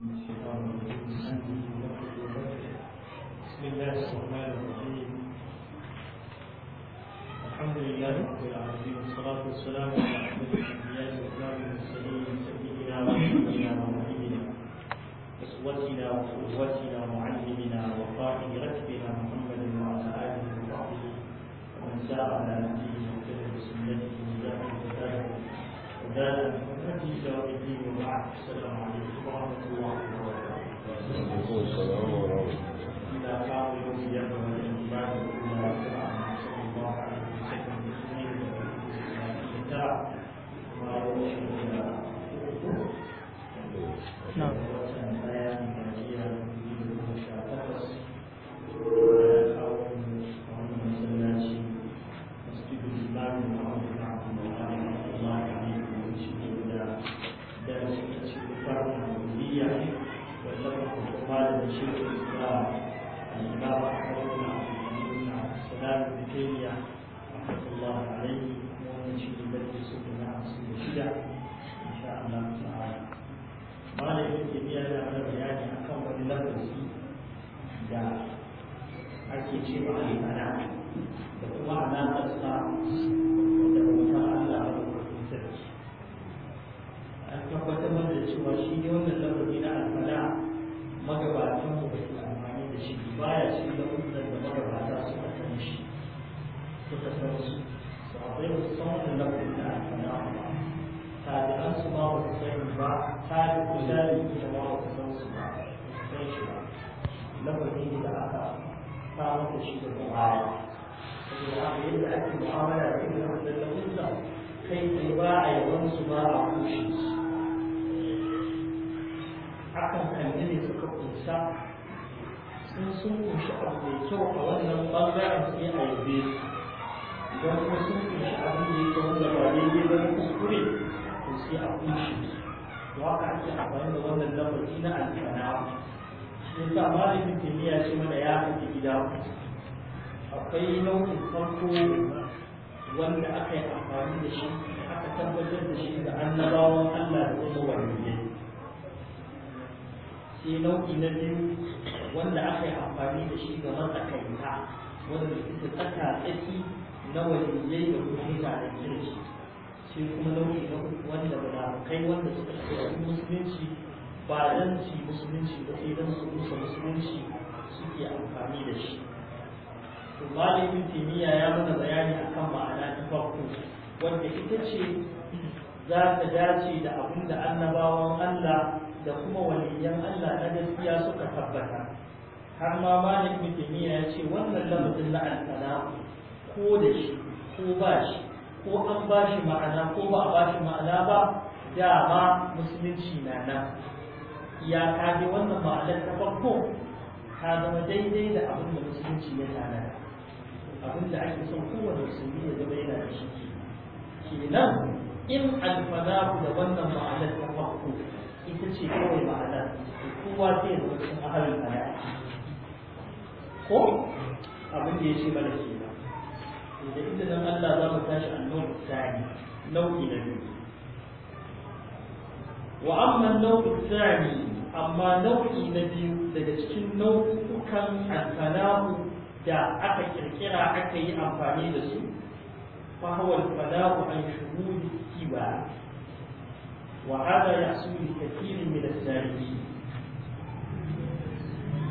بسم الله الرحمن الرحيم الحمد لله رب العالمين والصلاة والسلام على أشرف الأنبياء وإمام المرسلين سيدنا ونبينا ونبينا أسوتنا وقوتنا معلمنا وقائد ركبنا محمد وعلى آله وصحبه ومن سار على نبيه وكتب سنته وجاهد dan Assalamualaikum warahmatullahi wabarakatuh. Nah. da shi daga baya da irin ba a yaban ba a akan suka kunsa sun sun mai kyau a wannan bangaren sai su idan kuma sun ba na kuskure a kushe da wannan lafazi na alfana shi mana ya gida akwai nau'in farko wanda aka yi amfani da shi aka tabbatar da shi da annabawan Allah da kuma ne sai nau'i na biyu wanda aka yi amfani da shi ga matsakaita wanda suka tsaka tsaki na waliyai da kuma mutanen shi. sai kuma nau'i na wanda ba kai wanda suka shiga musulunci ba zan ci musulunci ba sai dan su musulunci suke amfani da shi to malamin kimiyya ya mana bayani akan ma'ana ta wanda ita ce za ta dace da abin da annabawan Allah da kuma waliyan Allah na gaskiya suka tabbata har ma malam ibn ya ce wannan lafazin na al ko da shi ko ba shi ko an ba shi ma'ana ko ba a ba shi ma'ana ba dama musulunci na nan ya kaje wannan ma'anar ta ta zama daidai da abin da musulunci ya tanada abin da ake son kowane musulmi ya zama yana da shi kenan in alfanahu da wannan ma'anar ta farko ita ce kawai ma'ana kowa zai zama cikin ahalin baya ko abin da ya ce mana ke ba da izinin Allah za mu tashi annon tsari nau'i na biyu wa amma nau'i tsari amma nau'i na biyu daga cikin nau'ukan alfanahu da aka kirkira aka yi amfani da su فهو الفداء عن شمول wa hada يحصل لكثير من السالكين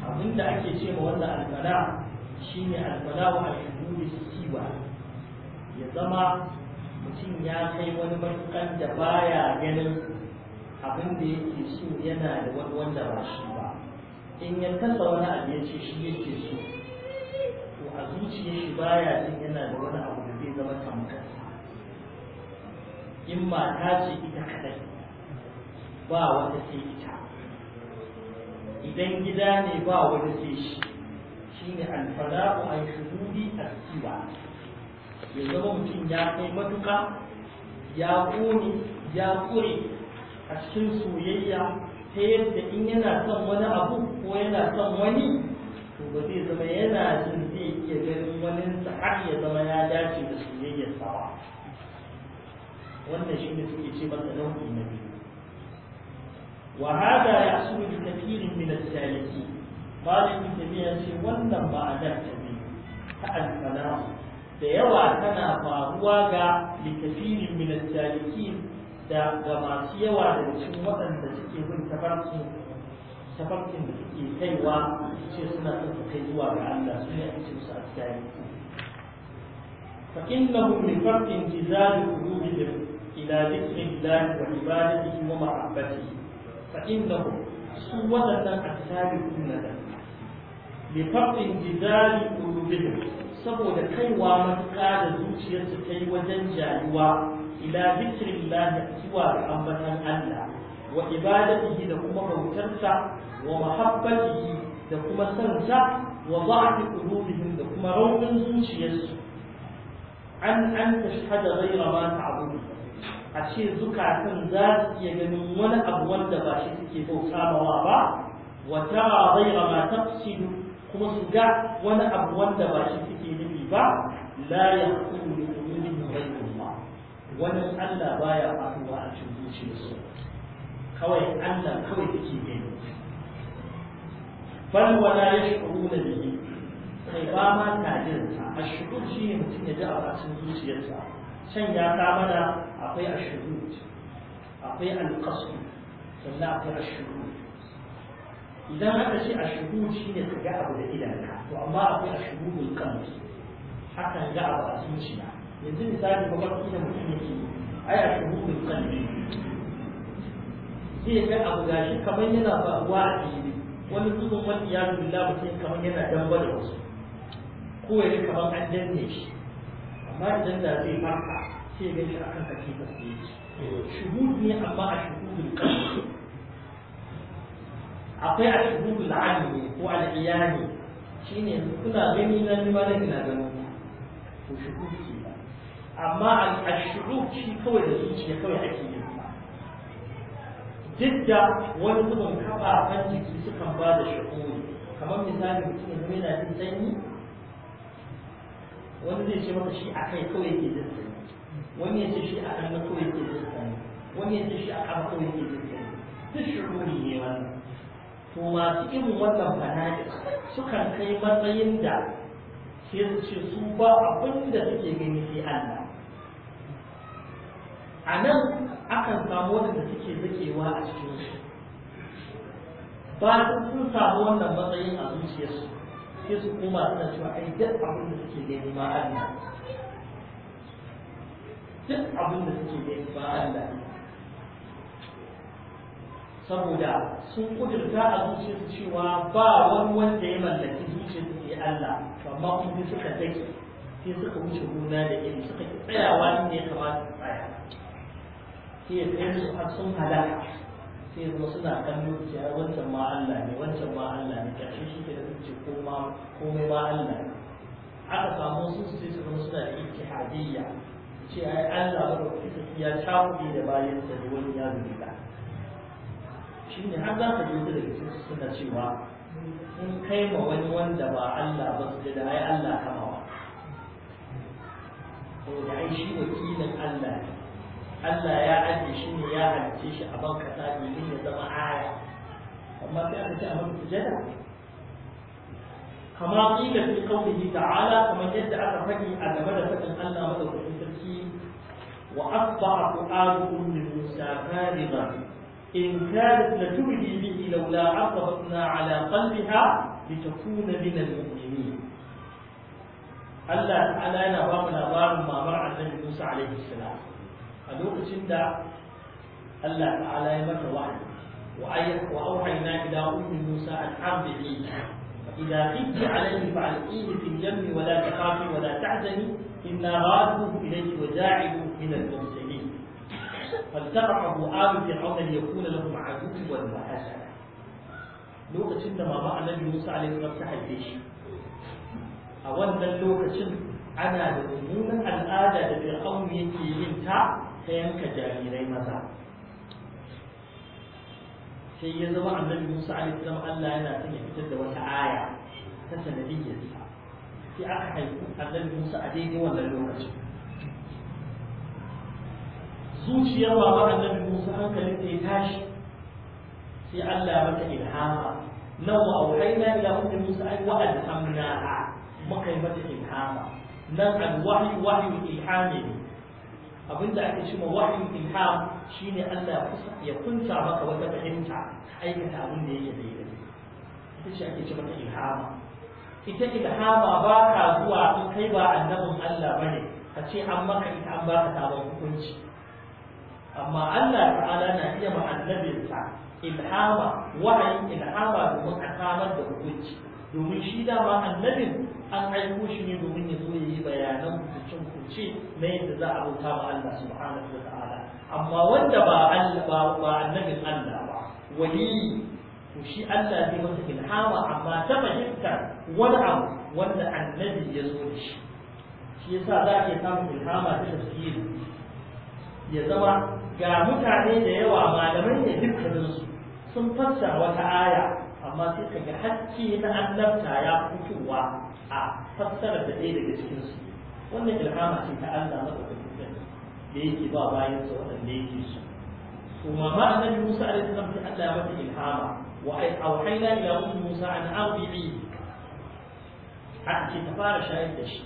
abin da ake ce ma al albala shi ne albala wa shuhudi siwa ya zama mutum ya kai wani matukan da baya ganin abin da yake so yana da wani wanda ba shi ba in ya kasa wani abu ya ce shi yake so a zuciyar shi baya jin yana da wani abu da zai zama tamkar in mata ce ita kadai ba wata sai ita idan gida ne ba wata sai shi shine alfala'u an a siwa ya zama mutum ya kai matuka ya kone ya ƙure a cikin soyayya ta yadda in yana son wani abu ko yana son wani to ba zai zama yana jin iya ganin wani har ya zama ya dace da soyayyar sawa wannan shi ne suke ce masa nau'i na biyu wa hada yahsulu bi kathirin min as-salikin malin jami'a ce wannan ma'anar ta biyu ta al-salam da yawa tana faruwa ga likafirin min as-salikin da ga masu yawa daga cikin waɗanda suke bin tabarki tafarkin da suke kaiwa ce suna son su kai zuwa ga Allah su ne ake musu asali fa innahu min farqin jizal qulubihim ila dhikri Allah wa kuma wa mahabbatihi fa innahu su wadannan asali kunna da li farqin jizal qulubihim saboda kaiwa matuƙa da zuciyarsu ta yi wajen jayuwa ila dhikri Allah zuwa ga ambatan Allah wa ibadatihi da kuma bautarsa wa mahabbatihi da kuma sansa wa da'fi qulubihim da kuma raunin zuciyarsu an an tashhada ghayra ma ta'budu a ce zukatan za su iya ganin wani abu wanda ba shi suke bauta mawa ba wa tara ghayra ma tafsidu kuma su ga wani abu wanda ba shi suke nufi ba la yaqulu li qulubihim ghayra Allah wani Allah baya faruwa a cikin zuciyarsu kawai Allah kawai take gani bal wala da bihi Sai ba ma ta jin sa ashkur shi ne mutum ya ji a cikin zuciyarsa can ya ta mana akwai ashkur akwai alqasd sannan akwai ashkur idan aka ce ashkur shi ne ka ga abu da idanka to amma akwai ashkurul qalbi hakan ga abu a zuciya yanzu misali ba ba kina mutum yake ai ashkurul qalbi zai kai abu gashi kamar yana faruwa a fili wani zubin wani ya zulla mutum kamar yana dan da wasu ko ya kamar an danne shi amma idan da zai farka sai ya gashi akan hakika su yake shuhud ne amma a shuhudul akwai a shuhudul alimi ko al'iyani iyani shine kuna gani na ni ma nake na gano to shuhud ke amma al-shuhud shi kawai da zuciya kawai ake duk da wani zubin kan jiki sukan ba da shakuri kamar misali mutum yanzu yana jin sanyi wani zai ce maka shi a kai kawai ke jin sanyi wani ya ce shi a kan kawai ke jin sanyi wani ya ce shi a kan kawai ke jin sanyi duk shakuri ne wannan to masu irin wannan fana'i sukan kai matsayin da sai su ce su ba abin da suke gani sai Allah a nan akan samu wanda suke zakewa a cikin su ba sun samu wannan matsayin a zuciyarsu sai su koma suna cewa ai duk abin da suke gani ma Allah duk abin da suke gani ma Allah saboda sun kudurta a zuciyarsu cewa ba wani wanda ya mallaki zuciyarsu sai Allah amma kuma suka dake sai suka wuce gona da iri suka tsayawa ne ya kamata su tsaya sai ya tsaye su har sun halaka sai ya zo suna kallo cewa wancan ma Allah ne wancan ma Allah ne kashi shi ke da zuci komai ma Allah ne aka samu su sai su zama suna da hadiyya, ce ai Allah ba ku kisa ya tafi da bayan sa da wani ya zubi ka shine har za ka ji da cikin suna cewa sun kai ma wani wanda ba Allah ba su da ai Allah kama wa saboda ai shi wakilin Allah ne Allah ya ajiye shi ne ya halice shi a ban kasa domin ya zama aya amma sai aka ce a mata sujada kama qila fi qawlihi ta'ala kamar yadda aka faɗi a game da faɗin Allah madaukakin sarki wa asbaha fu'adu ummi Musa kariban إن كانت لتبدي به لولا عقبتنا على قلبها لتكون من المؤمنين الله تعالى أنا باب الأبار ما مر عن النبي موسى عليه السلام لوكشن دا الله تعالى يمك وعي وأوحينا إلى أم موسى أن أرضعي إذا خفت عليه فألقيه في اليم ولا تخافي ولا تحزني إنا رادوه إليه وداعب من المرسلين فالترعب آب في حوض يكون لهم عدو والمحاسة لوكشن ما ضاع النبي موسى عليه الصلاة والسلام الجيش أولا لوكشن أنا لأمومة الآدى لفرعون يجي ينتع ta yanka jarirai maza sai ya zama annabi Musa alaihi salam Allah yana son ya fitar da wata aya ta sanadiyyarsa sai aka haifi annabi Musa a daidai wannan lokacin zuciyar baban annabi Musa hankalin ta ya tashi sai Allah ya mata ilhama nan wa auhayna ila ummi Musa ay wa alhamnaha muka yi mata ilhama nan alwahyu wahyu ilhami Abin da ake cewa wahyu ilha shine Allah ya kunta maka wata fahimta aikata abin da yake daidai ita ce ake cewa ilhama ita ilhama ba ka zuwa in kai ba annabin Allah bane A ce an maka ita an baka sabon hukunci amma Allah ta'ala na iya ma annabinsa ilhama wahayin ilhama domin a samar da hukunci domin shi dama annabin an aiko shi ne domin ya zo ya yi bayanan hukuncin ce mai da za a bauta wa Allah subhanahu wa ta'ala amma wanda ba Allah ba annabin Allah ba wali to shi Allah zai masa ilhama amma ta fahimta wani abu wanda annabi ya zo da shi shi yasa za ka samu ilhama ta tafsiri ya zama ga mutane da yawa malamai ne dukkaninsu sun fassara wata aya amma sai ka ga hakki na annabta ya fitowa a fassarar da ɗaya daga cikinsu wannan ilhama ce ta Allah maka da da yake ba bayan sa waɗanda yake su kuma ma annabi Musa alaihi salam sai Allah ya maka ilhama wa ai auhayna ila ummi Musa an arbi'i a ce ta fara shayar da shi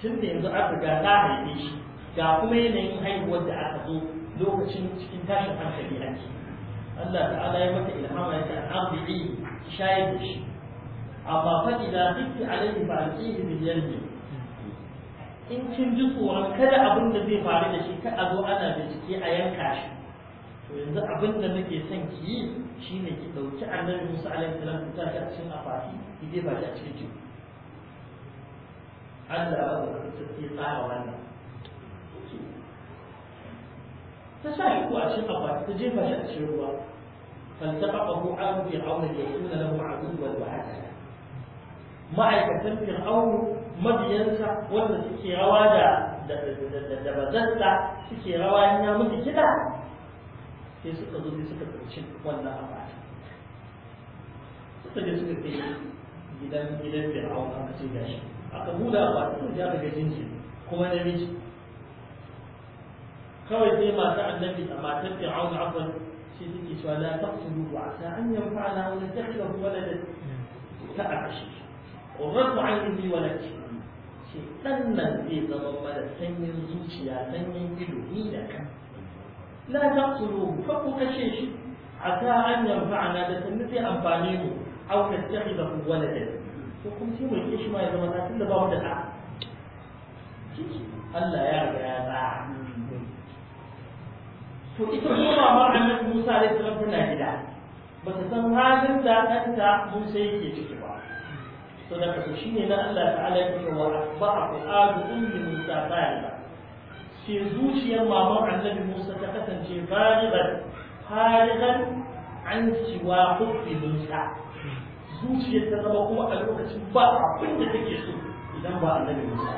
Tunda yanzu aka ga ta haife shi ga kuma yanayin haihuwar da aka zo lokacin cikin tashin hankali ake Allah ta'ala ya maka ilhama ya ce an arbi'i shayar da shi amma fa idan dukki alaihi fa'alqihi bil yammi in kin ji tsoron kada abin da zai faru da shi ka a zo ana jiki a yanka shi to yanzu abin da nake son ki yi shine ki dauki annabi Musa alaihi salam ki tashi a cikin afafi ki jefa shi a cikin ki Allah ba ku tsaki tsara wannan ta sa shi ko a cikin afafi ta ba shi a cikin ruwa فالتقطه آل فرعون ليكون له عدوا وعدلا ma'aikatan fir'aunu mabiyansa wanda suke rawa da da bazansa suke rawa in ya mutu kiɗa sai suka zo sai suka tsarci wannan abata suka je suka kai gidan gidan fir'aun aka ce gashi aka buɗe abata sun ja daga jinjiri kuma namiji kawai sai masu annabi a matar fir'aun afwan sai suke cewa la taqsudu asa an yanfa'ana wa nadakhilahu waladan ta an qurratu yi wani laki ce ɗan nan zai zama mara sanyin zuciya sanyin ido ni da kan la ta tsoro fa ku kashe shi a ta an yanfa'ana da sanni sai amfani mu aw ka tsaki da ku wani da ko kuma sai mai kishi shi ma ya zama ta tunda ba mu da ta Allah ya ga ya ta to ita kuma ma annabi Musa alaihi salam tana gida ba ta san halin da ɗanta Musa yake ciki ba to da kace shine na Allah ta'ala ya ce wa asbaha qadu ummi musa ba sai zuciyar maman annabi musa ta kasance baliban farigan an siwa hubbi zuciyar ta zama kuma a lokacin ba abin da take so idan ba annabi musa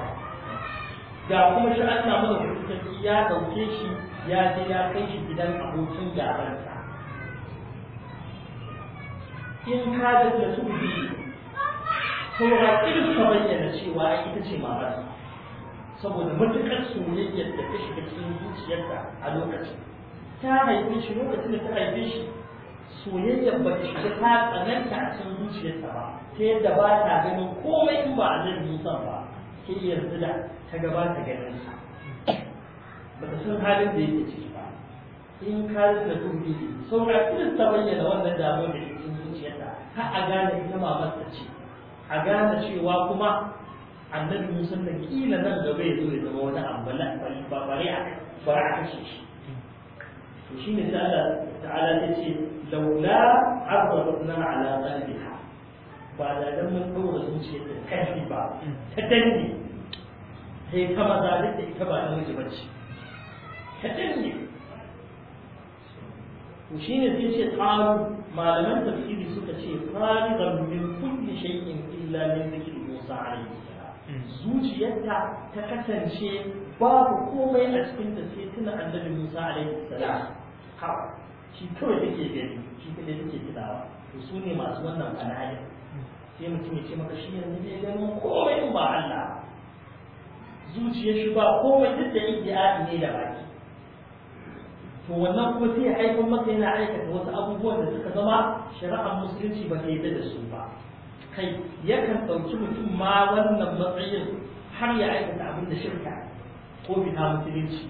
ga kuma shi Allah mana hukunci ya dauke shi ya je ya kai shi gidan abokin gabansa in ka da su bi saura irin ta bayyana cewa ita ce mamarsa saboda matuƙar soyayyar da ta shiga cikin zuciyarta a lokacin ta haife shi lokacin da ta haife shi soyayyar ba ta shiga ta tsananta a cikin zuciyarta ba ta yadda ba ta ganin komai in ba a zan yi ba sai yanzu da ta gabata ganin sa ba ta san halin da yake ciki ba in ka da dubi saura irin ta bayyana wannan damuwar da cikin zuciyarta har a gane ita mamarsa ce a gane cewa kuma annabi Musa da kila nan gaba ya zo ya zama wani ambala ba bare a fara a kashe shi to shine sai Allah ta'ala ya ce laula arsalna ala qalbiha ba da dan mun dora ce ta kashi ba ta danne sai ta maza da ita ba da miji bace ta danne to shine sai ce qalu malaman tafsiri suka ce qaliban min kulli shay'in illa min zikri Musa alaihi salam hmm. zuciyarta ta kasance babu komai a cikin ta sai tuna annabi Musa alaihi salam kawai shi kawai take gani shi kadai take tunawa to su ne masu wannan alhali sai mutum ya ce maka shi yanzu zai gano komai in ba Allah zuciyar shi ba komai duk da yake ne da baki to wannan kuma sai ya haifar masa yana aikata wasu abubuwan da suka zama shari'ar musulunci ba ta yi da su ba kai yakan ɗauki mutum ma wannan matsayin har ya aikata abin da shirka ko fita musulunci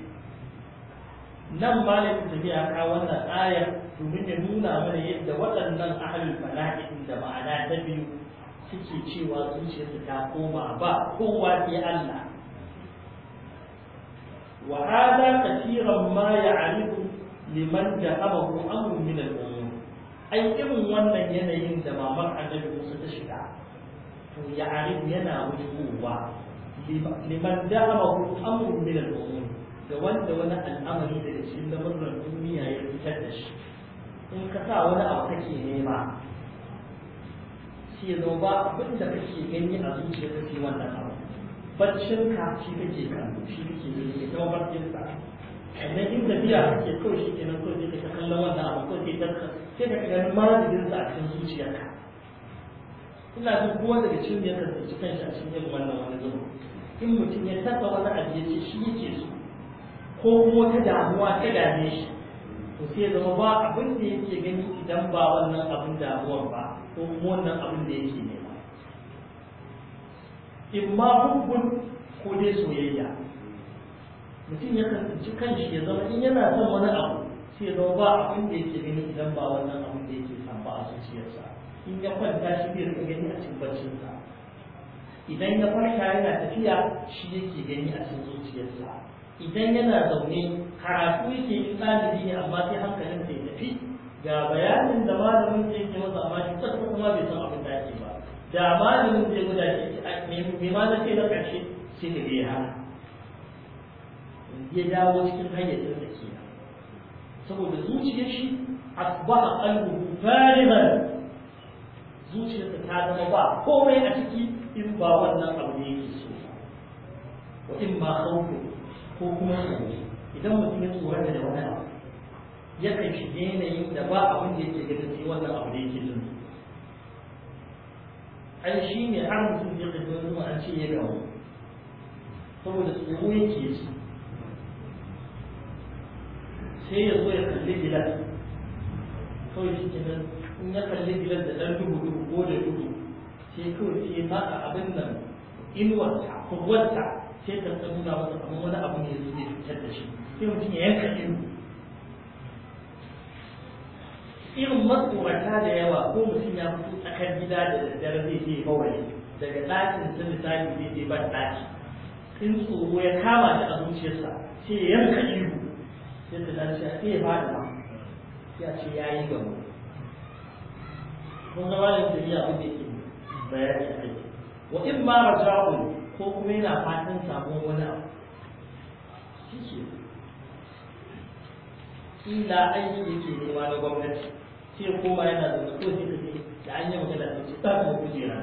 nan ba da tafiya ka wannan ayar domin ya nuna mana yadda waɗannan ahalin bala'in da ma'ana ta biyu suke cewa zuciyarsu ta koma ba kowa ke Allah وهذا ma ما liman لمن ذهبه امر من الامور ai irin wannan yanayin da mamar annabi musu ta shiga to ya arin yana wujuwa liman da'amahu amru min al-umur da wanda wani al'amari daga cikin zaman duniya ya fitar da shi in ka sa wani abu kake nema shi ya zo ba abin da kake gani a zuciyarka kake wannan abu ka shi kake kan shi kake gani ya zama sa kamar yin tafiya ke kawai shi kenan kawai sai ka kallon wannan abu ko ke ka sai ka ga madadin sa a cikin zuciyarka ina son kowa daga cikin ta kasance kanshi a cikin yadda wannan wani zama. in mutum ya taba wani abu ya ce shi yake so ko kuma ta damuwa ta dame shi to sai ya zama ba abin da yake gani idan ba wannan abin damuwar ba ko kuma wannan abin da yake nema in ma hukun ko dai soyayya mutum ya kan shi ya zama in yana son wani abu sai ya zama ba abin da yake gani idan ba wannan abin da yake ba a zuciyarsa in ya kwanta shi bai rika gani a cikin baccinsa idan ya farka yana tafiya shi yake gani a cikin zuciyarsa idan yana zaune karatu yake yi ɗalibi ne amma sai hankalin sai tafi ga bayanin da malamin zai yi masa amma shi kwata kuma bai san abin da ake ba da malamin zai da shi a mai malamin ce na ƙarshe sai da ya hana ya dawo cikin hayyacin da ke saboda zuciyar shi asbaha qalbuhu fariman zuciyarsa ta zama ba komai a ciki in ba wannan abu ne yake so wa in ma khawfu ko kuma tsoro idan mutum ya tsorata da wani abu ya kan shiga yanayin da ba abin da yake ganin sai wannan abu da yake jin ai shi ne har mutum ya kaji wani an ce ya gawo saboda tsoro yake so sai ya zo ya kalli gidan, kawai shi ke nan in ya kalli gidan da ɗan dubu dubu ko da duhu sai kawai sai a abin nan inuwarsa kurwarsa sai ta na wata kamar wani abu ne zai fitar da shi sai mutum ya yanka ilu irin matsorata da yawa ko mutum ya fito tsakar gida da daddare zai je hawaye daga ɗakin sun misali zai je ban ɗaki in tsoro ya kama da abinciyarsa sai ya yanka ilu sai da dace a ba da ma sai a ce ya yi gaba kun zama da tafiya abin da ke bayani a kai wa in ma raja'u ko kuma yana fatan samun wani abu shi ke ila aiki ke nema na gwamnati sai kowa yana da ko sai kace da an yi magana da shi ta ko kujera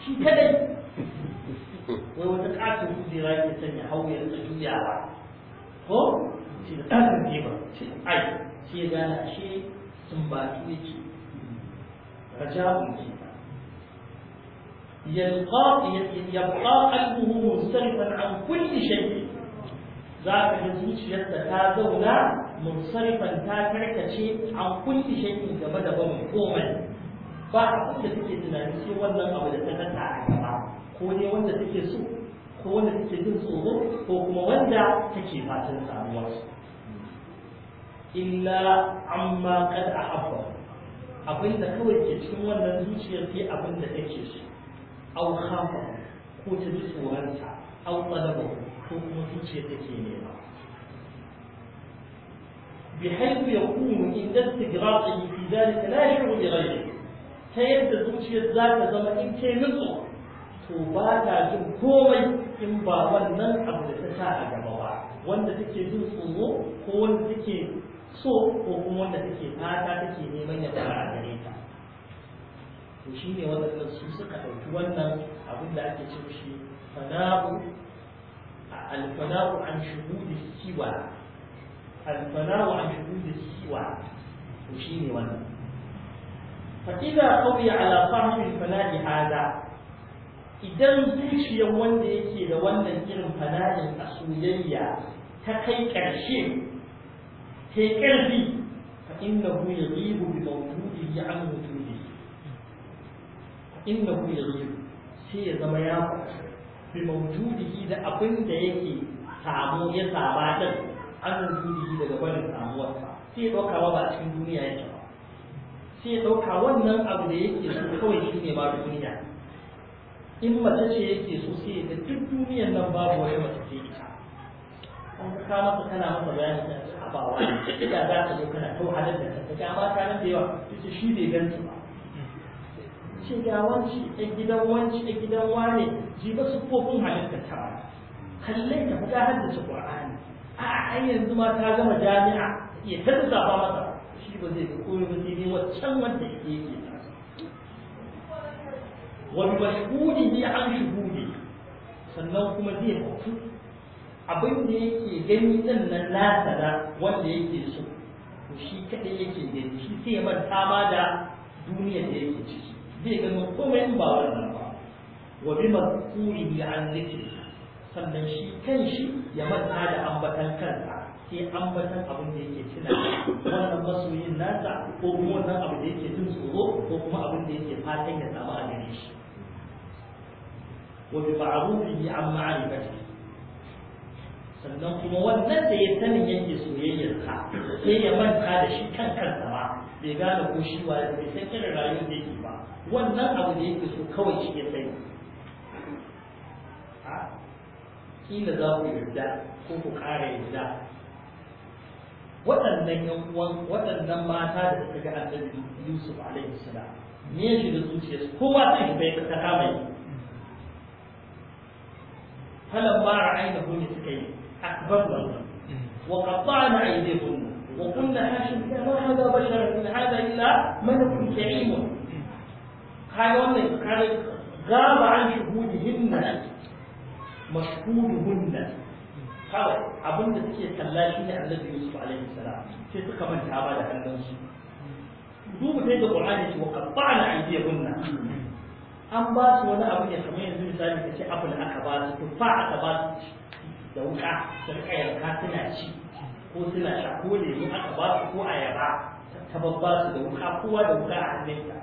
shi kadai wai wata katin kujera ke sanya hauya ta juyawa ko ce da ɗakin gefa ce ai sai ya gane ashe sun ba su yake an ke يلقى Za ka منصرفا عن كل شيء ذاك الزوج يتتازونا منصرفا تاكركشي عن كل شيء كما دبم كوما ba abin da take tunani sai wannan abu da ta kasa a gaba ko ne wanda take so ko wanda take jin tsoro ko kuma wanda take fatan samuwarsu illa amma kad ahabba abin da kawai ke cikin wannan zuciyar sai abin da take so au hama ko ta ji tsoronsa au talaba ko kuma zuciyar take nema بحيث يكون عند استغراقه في ذلك لا يشعر بغيره ta yadda zuciyar za ta zama in ce nutsu to ba ta jin komai in ba wannan abu da ta sa a gaba ba wanda take jin tsoro ko wanda take so ko kuma wanda take fata take neman ya fara gare ta to shi ne wanda su suka ɗauki wannan abin da ake ce shi fana'u alfana'u an shuhudi siwa alfana'u an shuhudi siwa to shi ne wannan فإذا قوي على فهم الفناء hada idan zuciyar wanda yake da wannan irin fana'in a soyayya ta kai ƙarshe sai ƙarfi fa ya yajibu bi mawdudihi an mutuni ya yajibu sai ya zama ya bi mawdudihi da abin da yake samu ya saba din an mutuni daga barin samuwarsa sai ya dauka ba cikin duniya ya ba sai ya ɗauka wannan abu da yake so kawai ne ba duniya in mace ce yake so sai ya duk duniyar nan babu wani mace ce ita in ka masa kana masa bayani da abawa da za ka zo kana to halar da kanka ga mata nan da yawa ita shi bai ganta ba ce ga wanci a gidan wanci a gidan wane ji ba su kofin halitta ta ba kallai ta fita haddace qur'ani a an yanzu ma ta gama jami'a ya ta zafa masa shi ba zai ga komai ba sai ne waccan wanda yake yi wa bi mashhudi bi an shuhudi sannan kuma zai fito abin da yake gani din nan nasa da wanda yake so to shi kadai yake gani shi sai ya manta ma da duniyar da yake ciki zai gano komai in ba wannan ba wa bi mazkurihi an zikri sannan shi kan shi ya manta da ambatan kansa sai ambatan abin da yake tuna wannan masoyin nasa ko kuma wannan abu da yake jin tsoro ko kuma abin da yake fatan ya samu a gare shi wa bi bi an ma'rifatihi sannan kuma wannan da ya sanin yake soyayyarsa sai ya manta da shi kan kansa ba bai gane ko shi wa bai san irin rayuwar da yake ba wannan abu da yake so kawai shi ya sani kila za ku yarda ko ku ƙara yarda waɗannan yan uwan waɗannan mata da suka ga annabi Yusuf alaihi salam ne shi da zuciyarsu kowa sai bai ta kama yi falan ba ra'ayin da suka yi أكبر من وقطعنا أيديهن وقلنا هاشم ما هذا بشر من هذا إلا ملك كريم قال قال غاب عن شهودهن مشهودهن قال أبن تكي كلاشي عن النبي يوسف عليه السلام كيف كمان تعبد عن نفسه دوب تيجي القرآن وقطعنا أيديهن أم باس ولا أبن يسمين زوج سالم كشي أبن أكباس تفاعة باس da wuka da rika yanka suna ci ko suna sha ko lemu aka ba su ko ayaba ta babba su da wuka kowa da wuka a hannunta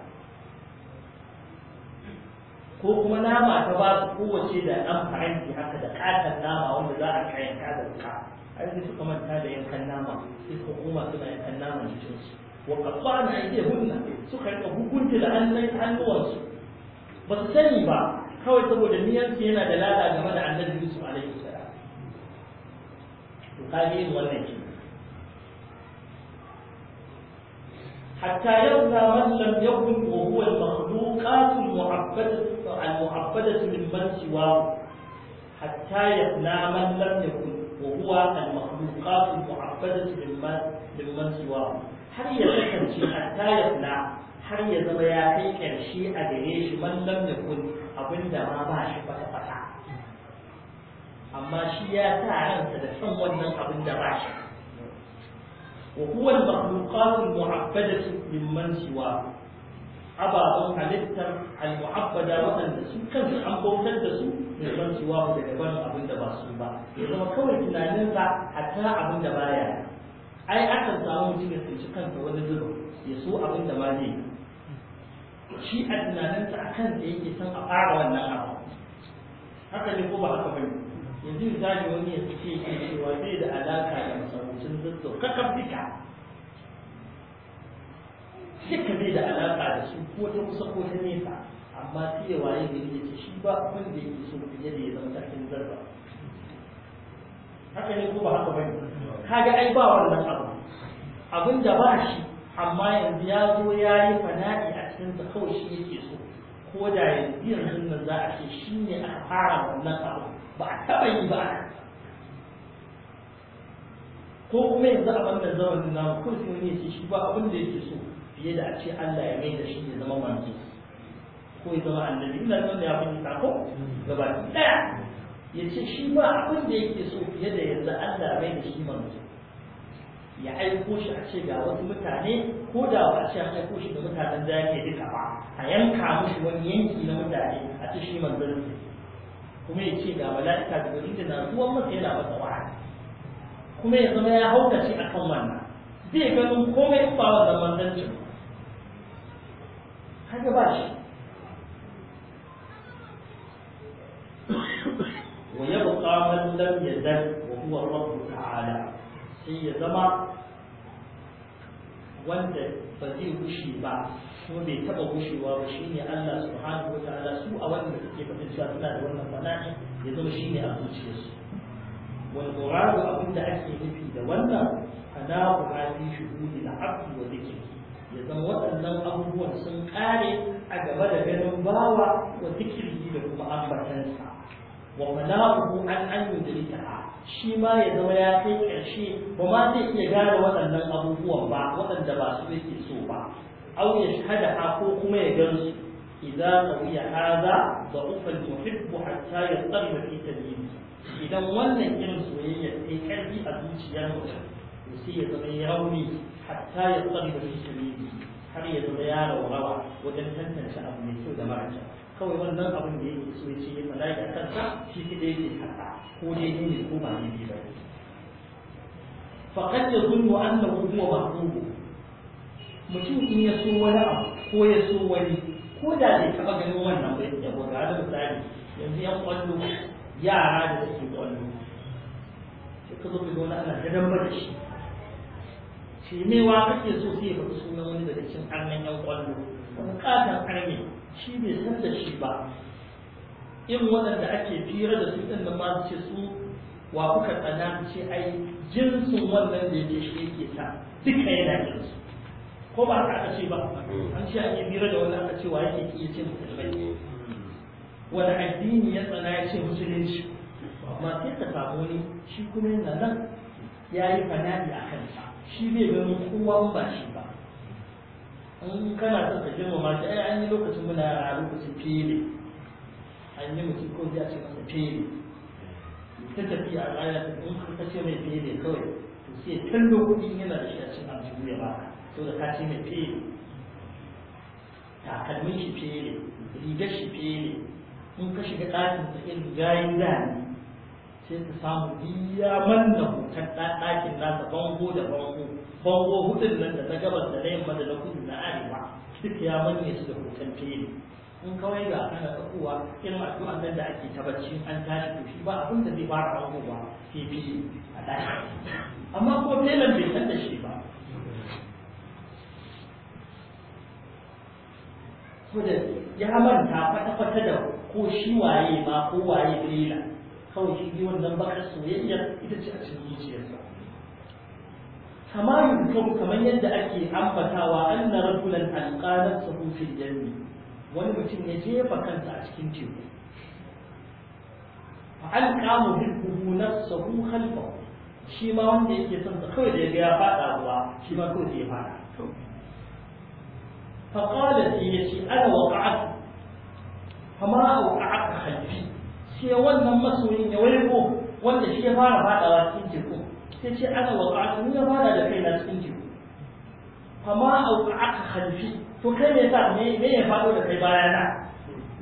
ko kuma nama ta ba su kowace da ɗan faranti haka da katon nama wanda za a ka yanka da wuka An sai suka manta da yankan nama sai suka koma suna yankan nama da jikinsu wa qatta'na hunna suka yi hukunta da hannuwansu ba su sani ba kawai saboda niyyarsu yana da lada game da annabi Yusuf alaihi to wannan ke hatta yau na mallam ya kohuwar makhlukatul mu'abbadatu min man siwahu hatta na mallam ya kun وهو المخلوقات المعبدة لمن سواه har ya kasance a tayar na har ya zama ya kai ƙarshe a gare shi man lam yakun abinda ma ba shi kwata kwata amma shi ya sa ransa da san wannan abin da ba shi wa huwa al-makhluqat al-mu'abbadatu mimman siwa ababen halittar al-mu'abbada waɗanda su kansu an bautar da su mimman siwa daga barin abin da ba su ba ya zama kawai tunaninsa hatta abin da baya ai akan samu mutum ya tsinci kansa wani zubin ya so abin da ma zai shi a tunaninsa a kansa yake san a fara wannan abu haka ne ko ba haka bane yanzu misali wani ya ce ke cewa zai da alaka da masaraucin zazzau kakar duka ka zai da alaka da su ko ta kusa ko ta nesa amma sai ya waye gari ya ce shi ba abin da yake so fiye da ya zama sarkin zarba haka ne ko ba haka bane kaga ai ba wannan abu abin da ba shi amma yanzu ya zo ya yi fana'i a cikin sa kawai shi yake so ko da yanzu yanzu nan za a ce shi ne aka fara wannan abu ba a taɓa yi ba ko kuma yanzu a wannan zamanin namu ko sai wani shi ba abin da yake so fiye da a ce Allah ya mai da shi ya zama manzo ko ya zama annabi ina nan ya fi sako gaba ɗaya ya ce shi ba abin da yake so fiye da yanzu Allah ya mai da shi manzo ya aiko shi a ce ga wasu mutane ko da ba a ce an aiko shi da mutanen zariya duka ba a yanka mushi wani yanki na mutane a ce shi manzon ne kuma ya ce ga mala'ika da gari da na zuwan masa yana masa wahala kuma ya zama ya haukace a kan wannan zai ganin komai in ba wannan manzancin haka ba shi ويبقى من لم يزل وهو الرب تعالى sai ya zama wanda ba zai gushe ba ko bai taɓa gushewa ba Shi ne Allah subhanahu wa ta'ala su a wanda suke fadin cewa suna da wannan fana'i ya zama shi ne a zuciyarsu Wani muradu abin da ake nufi da wannan fana'u hadi shuhudi al-abd wa dhikri ya zama waɗannan abubuwan sun kare a gaba da ganin bawa wa dhikri da kuma ambatansa wa fana'u an an yudrika shi ma ya zama ya kai ƙarshe ba ma zai iya gane waɗannan abubuwan ba waɗanda ba su yake so ba aw ya shahada ha ko kuma ya gan su idan qawiya hadha da ufal muhibbu hatta yastarra fi idan wannan irin soyayya sai ƙarfi a zuciyar mutum to sai ya zama ya rauni hatta yastarra fi tabibi har ya zama ya rawa wajen tantance abu mai kyau da mara kyau kawai wannan abin da yake so ce ya fada ya kansa shi ke da yake haka ko dai ni ne ko ba ni ne ba faqad yazunnu annahu huwa mahbub mutum in ya so wani abu ko ya so wani ko da bai taba ganin wannan ba da ba ga da misali yanzu ya kwallo yara da suke kwallo sai ka zo ka zauna ana gadan mata shi shi ne wa kake so sai ya faɗi sunan wani daga cikin annan yan kwallo wani ƙaton arme shi bai san da shi ba in waɗanda ake fira da su ɗin da ma ce su wa kuka tsana ce ai jinsin wannan da ya shi yake sa duka yana jinsu ko ba aka ce ba mm. an ce ake fira da wani aka ce wa yake iya ce musulmai mm. wani addini ya tsana ya ce musulunci amma sai ka samu wani shi kuma yana nan ya yi fanaɗi a kansa shi bai ganin kowa ba shi ba in kana son ka girma shi ai an yi lokacin muna a lokacin fili an yi mutum ko zai a ce masa fili ta tafi a rana in ka ce mai fili kawai to sai tallo kuɗi yana da shi a cikin aljihu ya ba to da ka ce mai fili shi fili rigar shi fili in ka shiga ɗakin sa irin gayin da sai ka samu biya manna hoton ɗakin nasa bango da bango bango hudun nan da na gabas da na yamma da na kudu na arewa duk ya manye su da hoton fili in kawai ga kana tsakuwa irin addu'a nan da ake ta bacci an tashi to shi ba abin da zai fara bangowa sai a ɗaya amma ko telan bai san da shi ba ko da ya manta fata kwata da ko shi waye ma ko waye dalila kawai shi wannan bakar soyayya ita ce a cikin zuciyarsa kama yunkaru kamar yadda ake ambatawa anna rajulan alqalat sahu fil janni wani mutum ya jefa kanta a cikin teku fa alqa muhibbu nafsahu khalfahu shi ma wanda yake son sa kawai da ya ga ya fada ruwa shi ma kawai sai ya fada fa qala sai ya ce ana waqa'at kama waqa'at khalfi sai wannan masoyin ya wani waigo wanda shi ya fara fadawa cikin teku ta ce ana waƙa'atu ni ya fara da kaina cikin teku fama auqa'aka khalfi to kai me yasa me me ya faɗo da kai bayana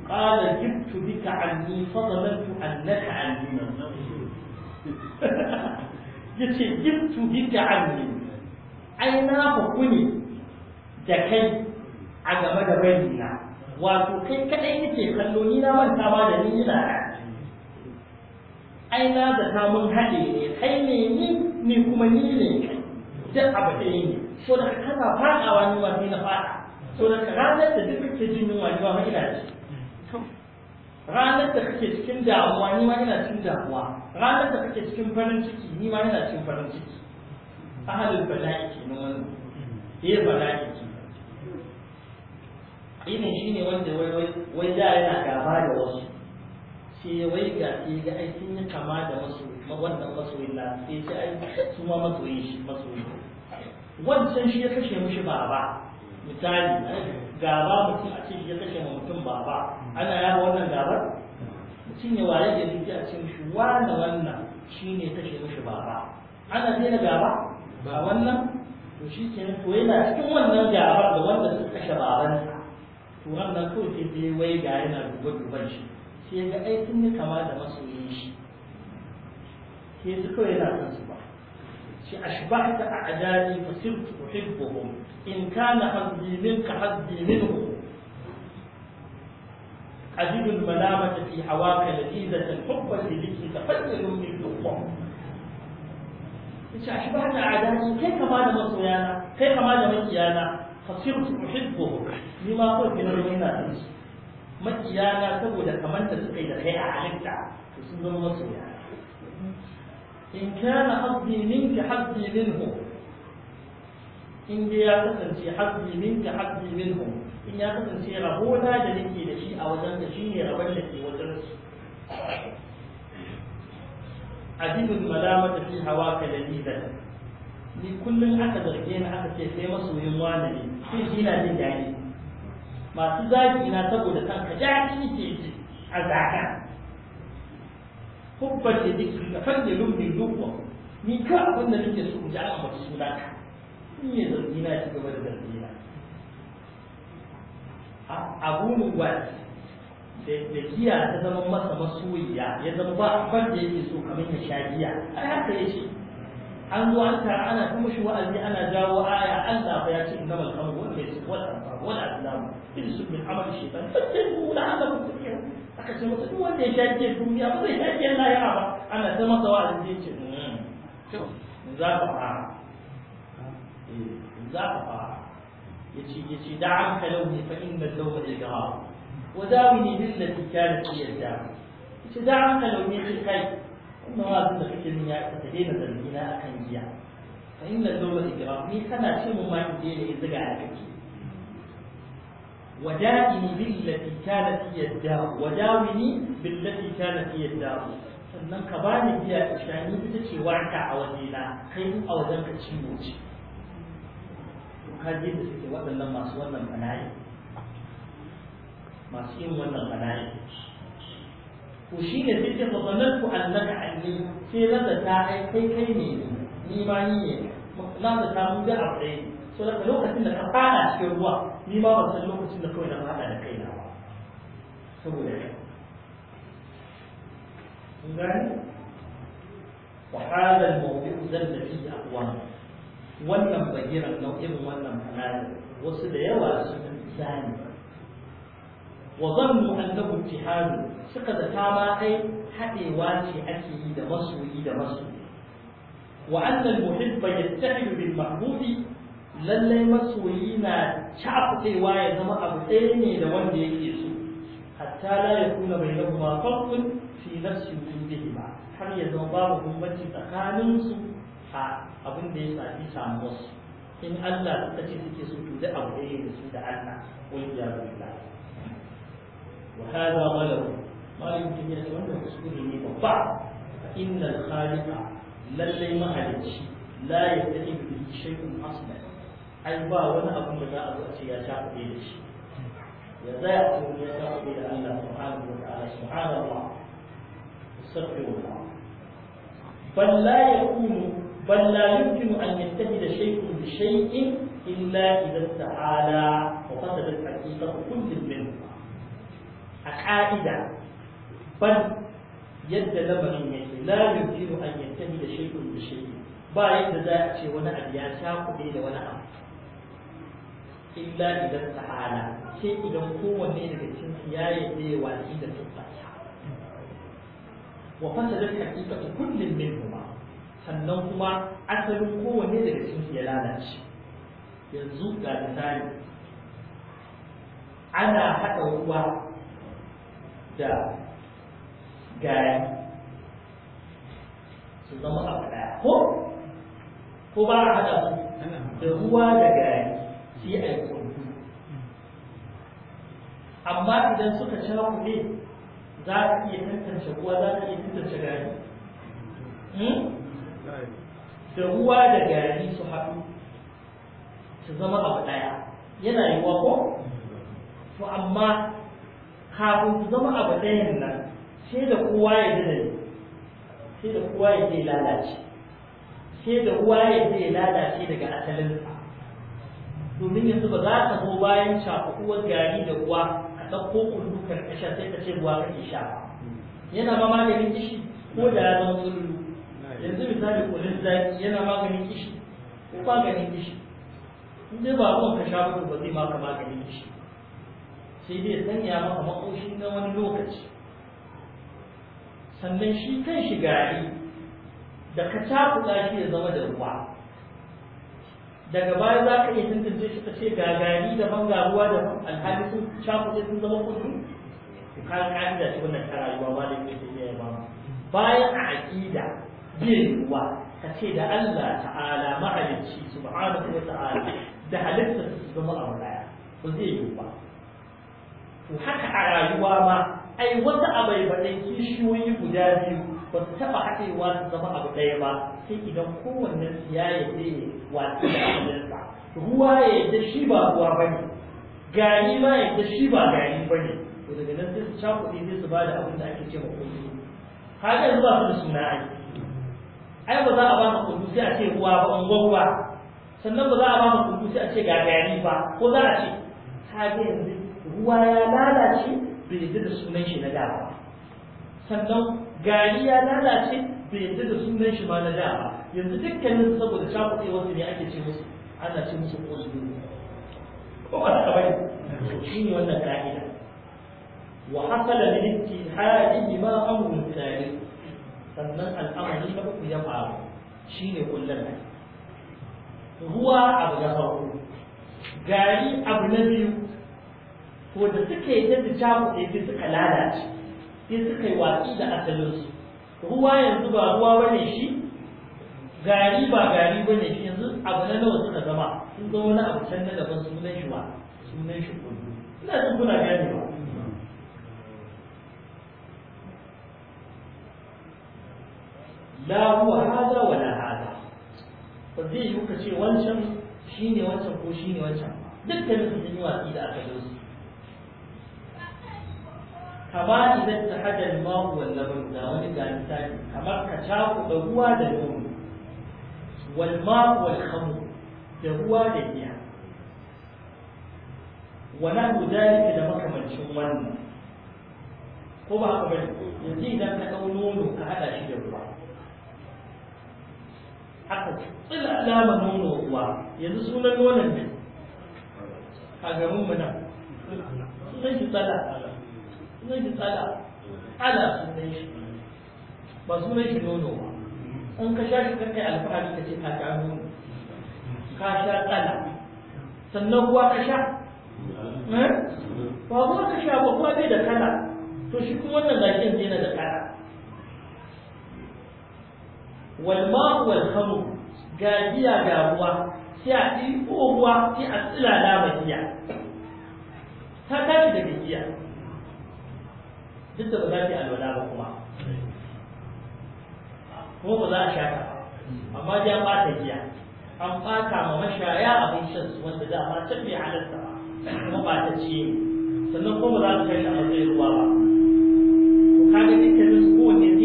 qala jibtu bika anni fadlantu annaka anni yace jibtu bika anni ai na hukuni da kai a game da bayyana wato kai kadai nake kallo ni na manta ma da ni ina ai na da samun haɗe ne kai ne ni ni kuma ni ne duk abu ɗaya ne so da kana wa ni wani na faɗa so da ranar da duk kake jin yunwa ni wani ina ji ranar da kake cikin damuwa ni ma ina cikin damuwa ranar da kake cikin farin ciki ni ma ina cikin farin ciki ahalul bala'i nan wannan eh bala'i kenan shi ne wanda wai wai wai da yana gaba da wasu sai wai waiga sai ga ai sun yi kama da wasu wannan masoyin na sai ce ai su ma masoyin shi masoyin wancan shi ya kashe mushi baba misali gaba mutum a ce shi ya kashe mutum baba ana yawa wannan gabar mutum ya waye da jiki a cikin mushi wani wannan shi ne kashe mushi baba ana daina gaba ba wannan to shi ke to yana cikin wannan gabar da wanda suka kashe babansa to wannan kawai sai wai ga yana duba duban shi sai ga ai sun kama da masoyin shi sai yanzu kawai yana son su ba shi ashbahta a'dani fa sirtu uhibbuhum in kana hazbi minka hazbi minhum أجد الملامة في حواك لذيذة حبا لذكرك فاتل من دقوة إذا أشبهت أعدائي كيف ما لمصيانا كيف ما لمكيانا فصرت أحبه لما قلت من المينات makiyana saboda kamar da suka yi da kai a halitta to sun zama masoya in kana hazzi minka hazzi minhum in dai ya kasance hazzi minka hazzi minhum in ya kasance rabona da nake da shi a wajen da shine rabon da ke wajen su ajibul ta fi ka ladizatan ni kullum aka zarge ni aka ce sai masoyin wani ne sai shi na jin daɗi masu zagi na saboda san ka ja nake ji a zaka hubba ce duk da fanni lumbin lubba ni ka abin da nake so ji an mace suna ka ne da ni na ci gaba da zargi na abu mu gwaji da giya ta zama masa masoyiya ya zama ba abin da yake so kamar ya sha giya ai haka yake ce an zo an tara ana ta shi wa'azi ana jawo aya Allah fa ya ce innamal khamru wal maisir wal ansab wal azlam اجلسوا من عمل الشيطان فاتقوا لعلكم تفلحون aka ce masa duk wanda ya shaƙe duniya ba zai shaƙe lahira ba ana ta masa wa'azin da yake to za ka fara za ka fara yace yace da an kalau ne fa inna lawma ilgara wa dawini billati kanat yadda yace da an kalau ne kai wannan wa'azin da kake min ya ka daina zargina akan giya fa inna lawma ilgara ni kana ce mun ma ki daina izga a kai ودائني بالتي كانت هي الدار وداوني بالتي كانت هي الدار sannan ka ba ni biya shani ita ce warka a wajena kai in a wajen ka ciwo ce to ka je da suke waɗannan masu wannan bala'i masu yin wannan bala'i to shi ne sai ce fadalar ku annaka anni sai rasa ta ai kai kai ne ni ma ni ne na da ta mu da abu so daga lokacin da ka fara cikin ruwa ni ma ban san lokacin da kawai na haɗa da kaina ba saboda kai kun gani وهذا الموضوع زل فيه أقوام wannan bagiran nau'in wannan halal wasu da yawa sun sani wa zannu annahu ittihad suka da ta ma ai hadewa ce ake yi da masoyi da masoyi wa anna al-muhibba yattahidu bil mahbubi lallai masoyi na cakuɗewa ya zama abu ɗaya ne da wanda yake so hatta la yakuna bainahuma farqun fi nafsin ba. har ya zama babu bambanci tsakanin su a abin da ya sami samu su in Allah suka ce suke so to da abu ɗaya da su da Allah wani ya rubuta wa hada malam malam kin ya ce kuskure ne babba innal khaliqa lallai mahalicci la da bi shay'in aslan ai ba wani abin da za a zo ce ya shafe da shi ya za a ce ya shafe da Allah subhanahu wa ta'ala subhanallah astaghfirullah bal la yakunu بل لا يمكن أن يتحد شيء بشيء إلا إذا استعالى وفسدت حقيقة كل منه القاعدة بل يد لبن لا يمكن أن يتحد شيء بشيء با يد ذا شيء ولا أبيات شاق إلى ولا أمر illa idan ta'ala sai idan kowanne daga cikin su ya da ya wasi da tabbata wa ta kullum ne kuma, sannan kuma asalin kowanne daga cikin su ya lalace yanzu ga misali ana haɗa ruwa da gaya su zama abu ɗaya ko ko ba a haɗa su da ruwa da gaya sai a yi amma idan suka cakuɗe za ka iya tantance ruwa za ka iya tantance gari hmm? da ruwa da gari su haɗu su zama abu ɗaya yana yi ko to amma kafin su zama abu ɗayan nan sai da kowa ya ji sai da kowa ya zai lalace sai da kowa ya zai lalace daga asalinsa domin yanzu ba za ta zo bayan shafuwar gari da ruwa a ɗauko kullu dukkan sha sai ka ce ruwa kake sha yana ba maganin kishi ko da ya zama tsullu yanzu misali kullun zaki yana maganin kishi ko maganin kishi in dai ba ruwan ka sha ba zai maka maganin kishi sai dai sanya maka makoshi na wani lokaci sannan shi kan shi gari da ka cakuɗa shi ya zama da ruwa daga baya za ka iya tantance shi ka ce ga gari daban da ruwa alhali sun cakuɗe sun zama kudu ka ka'ida ce wannan ta rayuwa ba da yake iya ba bayan a aƙida bin ruwa ka ce da Allah ta'ala mahalicci subhanahu wa ta'ala da halitta su zama a wuraya ba zai yi ba to haka a rayuwa ma ai wata abai ba ɗan kishiyoyi guda biyu ba su taɓa haɗewa su zama abu ɗaya ba sai idan kowanne su ya yi watsi da ajalinsa ruwa ya yadda shi ba ruwa ba ne gari ma ya yadda shi ba gari ba ne to daga nan sai su cakuɗe sai su ba da abin da ake ce ma kuɗi Haka yanzu su da suna ai ai ba za a ba mu kuɗi sai a ce ruwa ba gwagwa sannan ba za a ba mu kuɗi sai a ce ga gari ba ko za a ce kaga yanzu ruwa ya lalace bai yadda da sunan shi na da ba sannan gari ya lalace bai yadda da sunan shi ma na da yanzu dukkanin saboda shafaɗe wasu ne ake ce musu ana ce musu ƙosu ko ba haka bane shi ne wannan ka'ida wa hasala min ittihadi ma amrun tsari sannan al'amarin na uku ya faru shine kullum nan ruwa abu na farko gari abu na biyu ko da suke yi da jabu su suka lalace sai suka yi watsi da asalinsu ruwa yanzu ba ruwa ne shi gari ba gari ne shi yanzu abu na nawa suka zama sun zo wani abu can na daban sunan shi ba sunan shi kullu ina sun kuna gane ba la huwa hada wa la hada ba zai yi kuka ce wancan shine wancan ko shine wancan dukkanin su sun yi watsi da aka yi kama idan ta hajjar ma'u wallaban da wani ga misali kamar ka caku da ruwa da nono wal ma'u wal khamu da ruwa da giya wala dalika da makamancin wannan ko ba haka bane yanzu idan ka dau nono ka hada shi da ruwa haka tsila alama nono ruwa yanzu sunan nonon ne a garin mu nan sunan shi tsala sunan shi tsada, ala sunan shi ba sunan shi nono ba in ka sha shi kai alfahari ka ce ka sha nono ka sha tsada. sannan kuwa eh? ka sha ba kuma ka sha ba kuma bai da kala to shi kuma wannan gashin yana da kala walma wal khamr ga giya ga ruwa sai a ɗi ko ruwa sai a tsilala ma giya ta tashi daga giya duk da ba za ta yi alwala ba kuma kuma ba za a sha ta ba amma dai an ɓata giya an ɓata ma mashaya abin shan su wanda da ma can fi halarta ba kuma ba ta ce sannan kuma za su kai shi a matsayin ruwa ba ka ga dukkanin su kowanne zai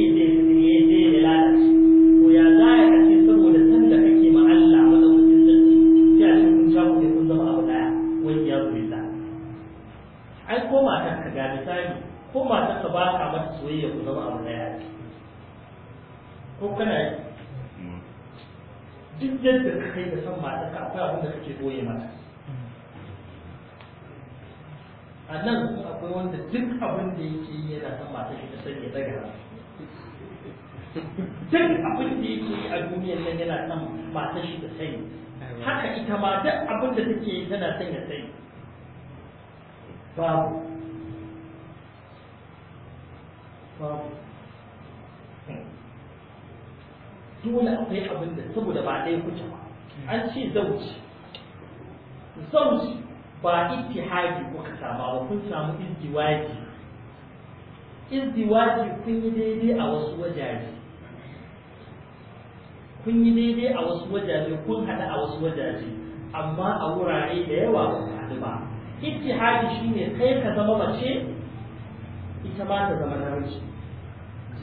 yadda ka kai da son matarka akwai abin da kake goye mata a nan akwai wanda duk abin da yake yi yana son mata shi ta sanya daga duk abin da yake yi a duniyar nan yana son mata shi ta sanya haka ita ma duk abin da take yi tana sanya sanya babu babu dole akwai abin da saboda ba ɗaya kuke ba an ce zauci zauci ba ittihadi kuka sama ba kun samu izdiwaji izdiwaji kun yi daidai a wasu wajaje kun yi daidai a wasu wajaje kun hada a wasu wajaje amma a wurare da yawa ba ku hadu ba ittihadi shine kai ka zama mace ita ma ta zama namiji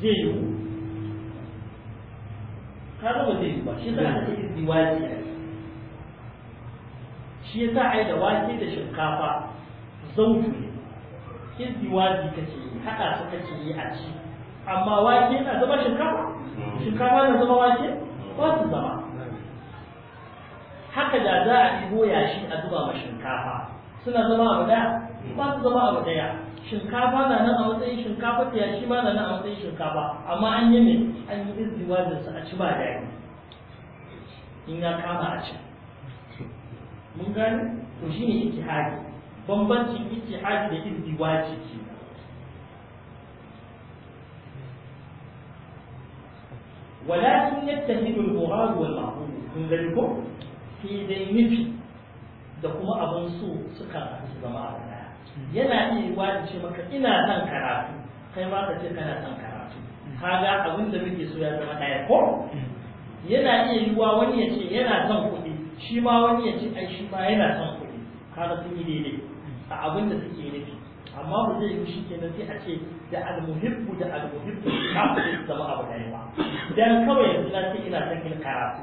zai yiwu kaga ba zai yi ba shi yasa aka izini wajibi shi a yi da wake da shinkafa zauju ne izini wajibi kace haka su kace yi a ci amma wake na zama shinkafa shinkafa na zama wake ba su zama haka da za a ɗibo yashi a zuba ma shinkafa suna zama abu da ba su zama abu ɗaya, shinkafa na nan a matsayin shinkafa ta yashi ma na nan a matsayin shinkafa amma an yi mai an yi izziwa da su a ci ba daɗi in ya kama a ci mun gani to shi ne ittihadi bambancin ittihadi da izziwa ce ke yadda يتهم المراد والمعبود من ذلك في ذي نفي da kuma abin su suka su zama a yana iya yiwa da ce maka ina son karatu kai ma ka ce kana son karatu kaga abin da muke so ya zama ɗaya ko yana iya yiwa wani ya ce yana son kuɗi shi ma wani ya ce ai shi ma yana son kuɗi kaga sun yi daidai a abin da suke nufi amma ba zai yi shi nan sai a ce da almuhibbu da almuhibbu ka ku zama abu da yawa dan kawai yanzu na ce ina son karatu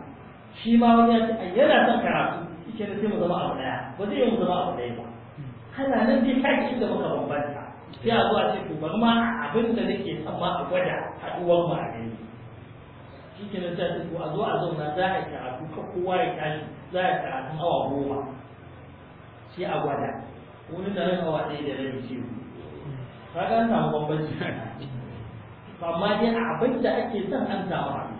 shi ma wani ya ce ai yana son karatu shi nan sai mu zama abu daya ba zai yi mu zama abu ɗaya ba kana nan dai ka ci da muka bambanta sai a zuwa ce to bar ma abin da nake son ma a gwada haɗuwar mu a gani shi ke nan sai a zo a zauna za a karatu ka kowa ya tashi za a karatu awa goma sai a gwada wani da nan awa ɗaya da rabi ce ka ga an samu bambanci amma dai abin da ake son an samu abin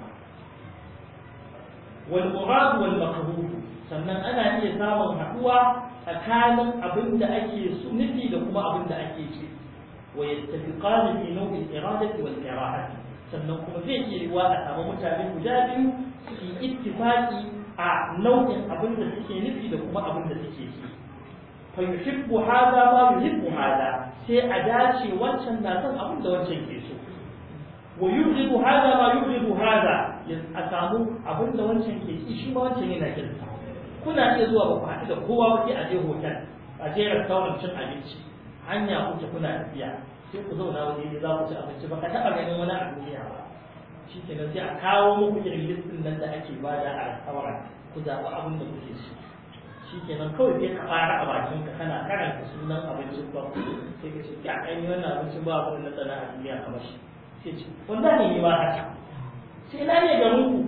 wal murad wal maqbul sannan ana iya samun haɗuwa tsakanin abin da ake su nufi da kuma abin da ake ce wa ya tafi yattafiqani fi nau'in iradati wal qira'ati sannan kuma zai iya yiwa a samu mutane guda biyu su yi ittifaqi a nau'in abin da suke nufi da kuma abin da suke ce fa yuhibbu hadha ma yuhibbu hadha sai a dace wancan na son abin da wancan ke so wa yubghidu hadha ma yubghidu hadha ya samu abin da wancan ke ki shi ma wancan yana kinsa kuna iya zuwa ba ku haɗu da kowa ba sai a je hotel a je restaurant cin abinci hanya kuke kuna tafiya sai ku zauna waje ne za ku ci abinci ba ka taɓa ganin wani a duniya ba shi ke sai a kawo muku irin listin nan da ake bada a restaurant ku zaɓi abin da kuke ci shi ke nan kawai sai ka fara a bakin ka kana karanta sunan abincin ba sai ka ce ya kai wannan abincin ba abin na tsana a duniya kamar shi sai ce wanda ne ba haka sai na ne garin ku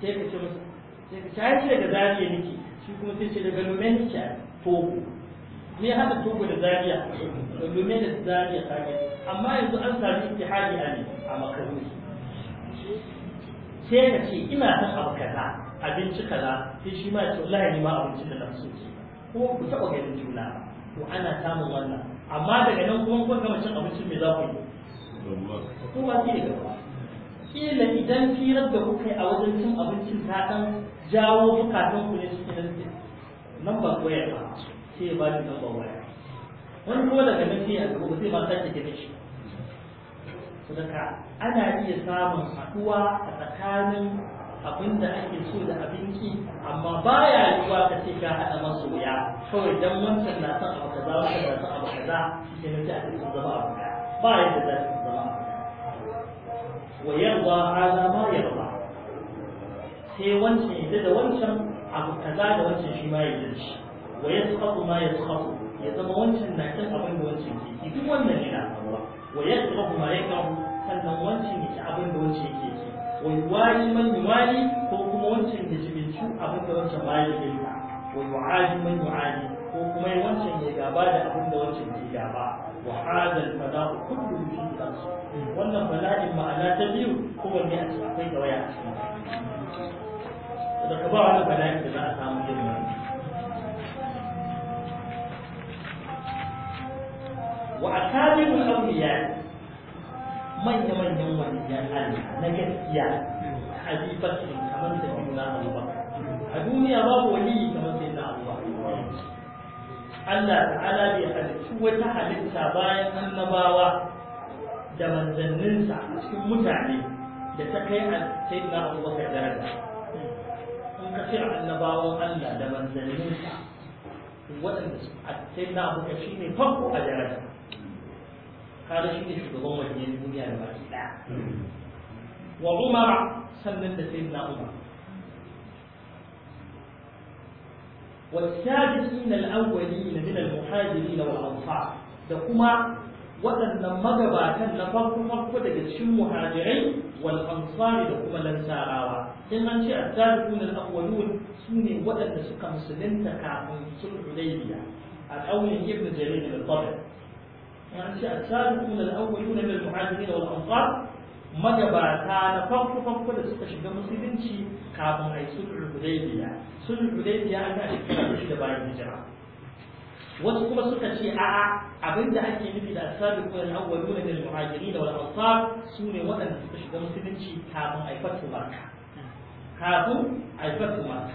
sai ka ce musu sai ka ta ce daga zariya nake shi kuma sai ce daga lumen nake togo me ya haɗa togo da zariya da lumen da zariya ta gani amma yanzu an sami hali a ne a makaruni sai ka ce ina son abu kaza abinci kaza sai shi ma ya ce wallahi ni ma abinci da nafsu ce kuma ku taɓa ganin juna ba to ana samun wannan amma daga nan kuma kun gama cin abincin me za ku yi ko ba da gaba kila idan firar da kuka yi a wajen cin abincin ta dan jawo bukatun ku ne cikin nan nan ba koyar ba sai ya bani nan ba waya wani kuma daga nan sai ya gaba sai ba take kira shi saboda ana iya samun haɗuwa a tsakanin abin da ake so da abinci amma baya yiwuwa ka ce ka haɗa masoya kawai dan wancan na san abu kaza wancan na san abu kaza sai na ce ake cikin zama abu ba yadda zai Wayarwa yarda hada ma yarda sai wancan yadda da wancan abu kaza da wancan shi ma yadda shi wa yasqatu ma yasqatu ya zama wancan na cin abin da wancan ke ki duk wannan yana faruwa wa yasqatu ma yaqahu sannan wancan ya ci ko kuma wancan ya ci bincin wancan ko kuma yi wancan ya gaba da abin da wancan ya gaba wa hadal bala'u kullu fi kansu wannan bala'i ma'ana ta biyu wanne a cikin akwai gawaya a cikin daga kaba wani bala'i da za a samu yin wani wa mu awliya manya manyan waliyan Allah na gaskiya hadifatin kamar da juna Abu Bakar a duniya babu wali kamar sai Allah ta'ala bai halittu wata halitta bayan annabawa da manzanninsa a cikin mutane da ta kai a sai na abubakar daraja in ka ce annabawan Allah da manzanninsa waɗanda a sai na ka shi ne farko a daraja kada shi ne shugaban wajen duniya da su ɗaya wa umara sannan da sai na والسادس من الأولين من المهاجرين والأنصار da kuma waɗannan magabatan na farko farko daga cikin muhajirai wal ansari da kuma lansarawa in an ce as-sabiqun al-awwalun sune waɗanda suka musulunta kafin sulh hudaybiya a ƙauyen ibn jarir al-tabari in an ce as-sabiqun al-awwalun min al-muhajirin wal ansar magabata na farko farko da suka shiga musulunci kafin a yi sulhul hudaybiya sulhul hudaybiya an ga shekara shi da bayan hijira wasu kuma suka ce a'a abinda ake nufi da asabi ko yana wa nuna da muhajiri da wal ansar su ne waɗanda suka shiga musulunci kafin a yi fatu marka kafin a yi fatu marka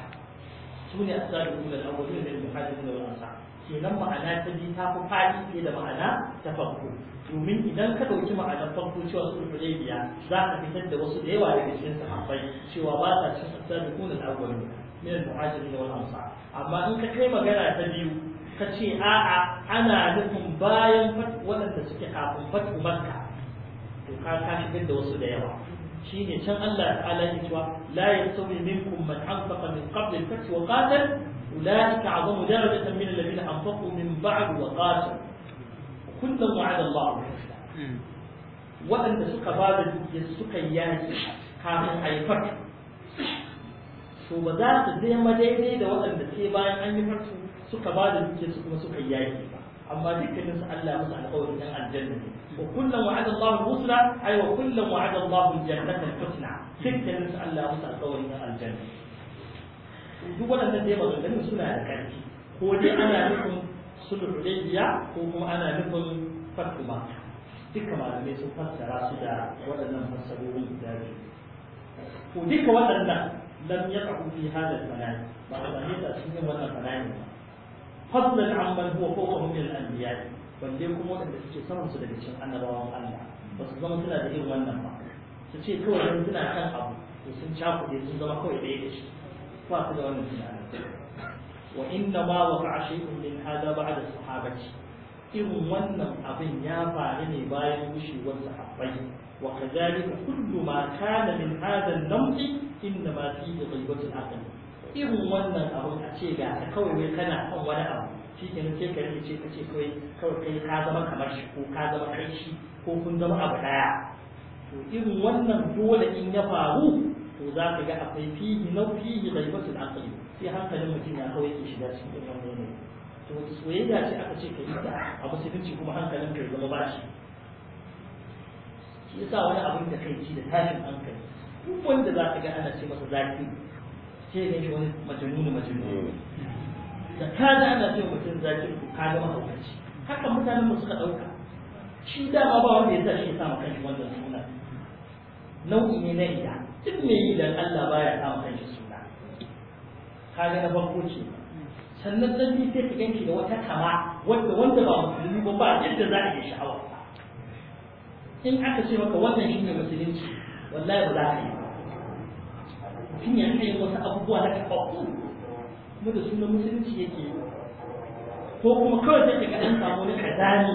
su ne asabi ko yana wa nuna da muhajiri da wal ansar kenan ma'ana ta biyu ta fi faɗi fiye da ma'ana ta farko domin idan ka ɗauki ma'anar farko cewa su biya za ka fitar da wasu da yawa daga cikin sahabbai cewa ba sa cin da al ne, min al-muhajirin wal ansar amma in ka kai magana ta biyu ka ce a'a ana nufin bayan waɗanda suke kafin fatu makka to ka ka shigar da wasu da yawa shine can Allah ta'ala ya cewa la yasawi minkum man anfaqa min qabl al-fath wa qatal أولئك أعظم درجة من الذين أنفقوا من بعد وقاتلوا كل وعد الله الحسنى وأن سك بعد يسك يانس كان أيفك سو بدأت زي ما جاي ده وأن تسيبا أن يفك سك بعد يسك ما سك يانس أما ذكر الله مسأل قول من الجنة وكلا وعد الله الحسنى أي وكلا وعد الله الجنة الحسنى ذكر الله مسأل قول من الجنة duk waɗannan dai maganganun suna da ƙarfi ko dai ana nufin sulhu hudaybiya ko kuma ana nufin fatu makka duka malamai sun fassara su da waɗannan fassarorin guda ko duka waɗannan lam yaqu fi hadha al-fanani ba a same ta yi wannan fanani ba fadlan amman huwa fawqahum min al-anbiya balle kuma waɗanda suke saman su daga cikin annabawan Allah ba su zama suna da irin wannan ba su ce kawai dan suna kan abu to sun cakuɗe sun zama kawai ɗaya da shi ba su da wannan tunanin wa inna ma waqa shay'un min hada da sahabaci? irin wannan abin ya faru ne bayan gushewar sahabbai wa kadhalika kullu ma kana min hada an-naw'i inna ma fi ghaibati al-aql irin wannan abin a ce ga ta kawai wai kana kan wani abu shi ke nan sai ka rike ce ka ce kawai kawai kai ka zama kamar shi ko ka zama kai shi ko kun zama abu daya to irin wannan dole in ya faru to za ka ga akwai fihi na fihi ghaibatul aqli sai hankalin mutum ya kawai ke shiga cikin irin wannan ne to soyayya ce aka ce ka yi ta a musulunci kuma hankalin ka zama ba shi shi yasa wani abin da kai ji da tashin hankali duk wanda za ka ga ana ce masa zafi sai ga shi wani majanunu majanunu da ka ga ana ce mutum zafi ko ka ga mahaukaci haka mutanen mu suka ɗauka shi dama ba wanda ya sa shi ya sa ma kanshi wannan suna nau'i ne na idan duk mai yi dan Allah baya kama kanshi suna kaga na farko ce sannan dan bi sai ka da wata kama wanda wanda ba musulmi ba ba yadda za a yi sha'awa in aka ce maka wannan shine musulunci wallahi ba za ka yi mutum ya kai wasu abubuwa na kafafu kuma da sunan musulunci yake yi ko kuma kawai sai ka an samu ka kazani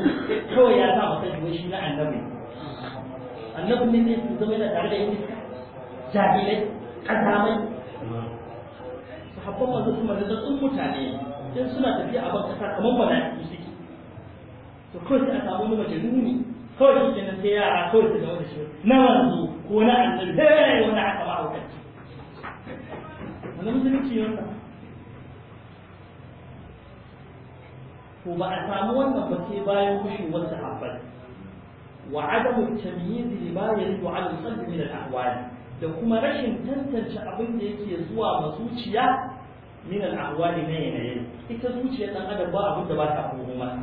kawai ya sa masa shi na annabi Annabi ne zai zama yana tare da yin iska jahilai kazamai sahabban manzo kuma da sun mutane dan suna tafiya a ban kasa kamar bala'i suke to kawai sai a samu wani nuni, kawai shi kenan sai yara kawai su ga wani shi na wanzu ko na annabi hey wani aka ba aukan Wani musulunci ne wannan to ba a samu wannan ba sai bayan gushewar sahabbai وعدم التمييز لما يرد على القلب من الأحوال da kuma rashin tantance abin da yake zuwa ma zuciya min al'awali na yanayin ita zuciya dan adam ba abin da ba ta komo masa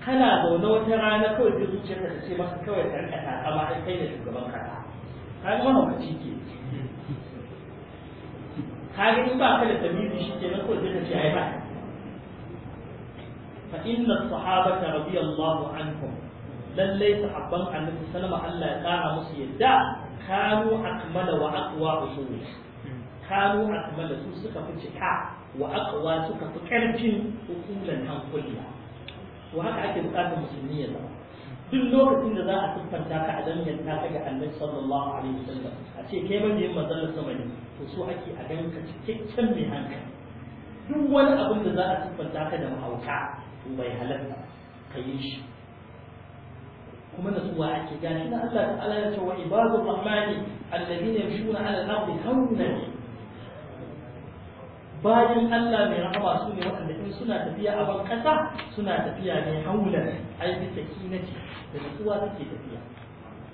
kana zaune wata rana kawai sai zuciya ta ce maka kawai ka rika ta amma ai kai ne shugaban ka ka ga wannan kaci ke ka ga in ba ka da tamizi shi ke nan kawai da ka ce ai ba fa inna sahabata radiyallahu anhum lallai sahabban annabi wasallam Allah ya kara musu yadda kanu akmala wa aqwa usuli kanu akmala su suka fi cika wa aqwa suka fi karfin hukulan hankula wa haka ake bukatar musulmi ya zama duk lokacin da za a siffanta ka a dangin ta ga annabi sallallahu alaihi wasallam a ce kai ban yin manzon sama ne to so ake a ganka cikakken mai hankali duk wani abin da za a siffanta ka da mahauta to bai halatta ka yi shi kuma nasuwa ake gashi na Allah ta'ala ya ce wa ibadur rahmani alladhina yamshuna 'ala al-ardi hawnan bayan Allah mai rahama su ne waɗanda in suna tafiya a ban kasa suna tafiya ne haulan ai bi ce, da natsuwa take tafiya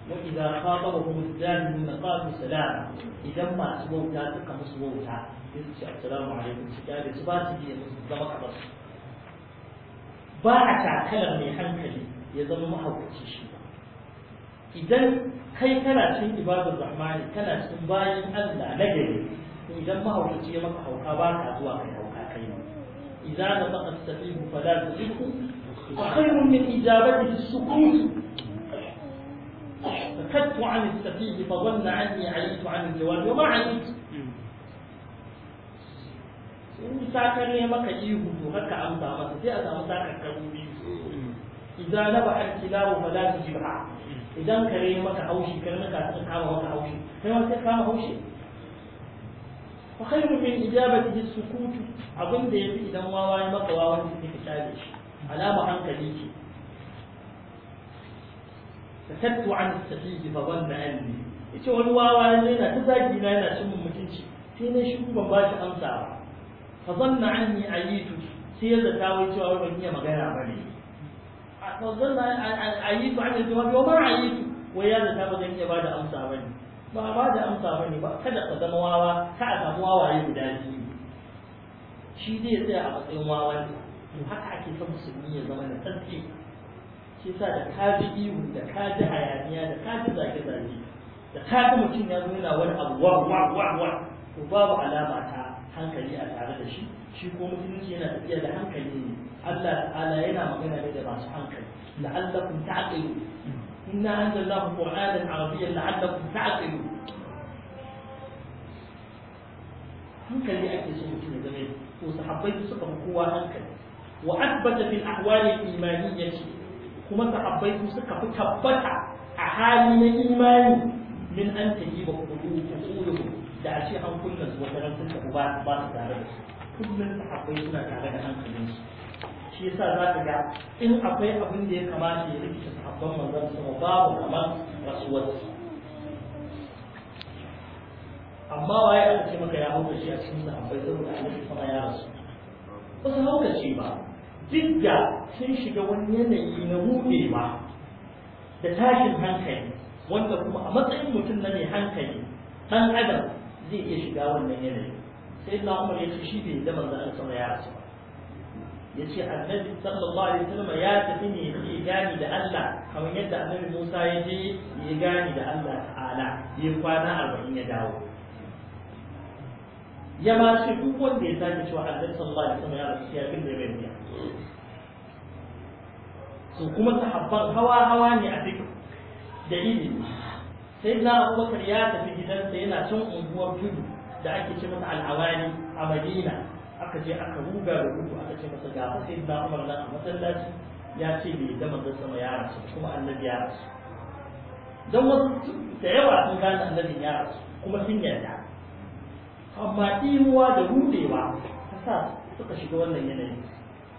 wa idza khatabahum al-jahiluna qalu salama idan masu wauta suka musu wauta sai su ce assalamu alaikum su kare su ba su biya su zama kamar ba a takalar mai hankali ya zama mahaukaci shi idan kai kana cin ibadar rahmani kana cin bayan Allah na gari to idan mahaukaci ya maka hauka ba ka zuwa kai hauka kai ne idza da maka sabibu fala tuziku wa khayrun min ijabatihi as-sukut فكدت عن السفيه فظن عني عليت عن الجواب وما عليت in sakar ne maka ihu to haka amsa masa sai a samu sakar kabu biyu idan na ba al kilabu fa la tujibha idan ka kare maka haushi karnuka ta kama maka haushi kai ma sai kama haushi fa khairu min ijabati bis-sukut abin da yafi idan wawa ya maka wawan da kake tare shi alama hankali ce tasattu an sahihi fa wanda anni yace wani wawa ne yana ta zagi na yana cin mutunci sai na shi ban ba shi amsa ba fa zanna anni ayitu sai ya zata wai cewa wani ya magana bane manzon na ayyutu an jawabi wai ya zata ba zan iya ba da amsa ba ne ba ba da amsa ba ne ba kada ka zama wawa ka a samu wawaye guda biyu shi zai tsaya a matsayin wawan to haka ake son musulmi ya zama da tsantsi shi sa da kaji ihu da kaji hayaniya da kaji ji zage-zage da kaji mutum ya zo yana wani abu wa wa wa wa to babu alama ta hankali a tare da shi shi ko musulunci yana tafiya da hankali ne Allah ta'ala yana magana ne da masu hankali la'allakum ta'qilu inna anzalnahu qur'anan arabiyyan la'allakum ta'qilu hankali ake so mutum ya zama to sahabbai suka fi kowa hankali wa asbata fil ahwali imaniyyati kuma sahabbai suka fi tabbata a hali na imani min an tajiba qulubuhum da a ce an kunna su wata ran sun tafi ba su tare da su kullum akwai suna tare da hankalinsu shi yasa za ka ga in akwai abin da ya kamata ya rikita sahabban manzon ba babu kamar rasuwarsu amma waye aka ce maka ya hauka shi a cikin sahabbai saboda annabi sama ya rasu ba su hauka shi ba duk da sun shiga wani yanayi na ba, da tashin hankali wanda kuma a matsayin mutum na mai hankali ɗan adam zai iya shiga wannan yanayi sai na umar ya ce shi bai da manzo an sama ya rasu ya ce annabi sallallahu alaihi wasallam ya tafi ne ya gani da Allah kamar yadda annabi Musa ya je ya gani da Allah ta'ala ya kwana 40 ya dawo ya ma ce duk wanda ya sake cewa annabi sallallahu alaihi wasallam ya rasu ya bin da bai biya to kuma sahabban hawa hawa ne a duk da ilimi sai na abubakar ya tafi gidansa yana cin unguwar tudu da ake ce masa al'awali a madina aka je aka ruga da gudu aka ce masa ga sai na umar nan a masallaci ya ce bai da manzon sama ya rasu kuma annabi ya rasu don wasu da yawa sun gane annabin ya rasu kuma sun yarda amma ɗimuwa da rudewa ta sa suka shiga wannan yanayi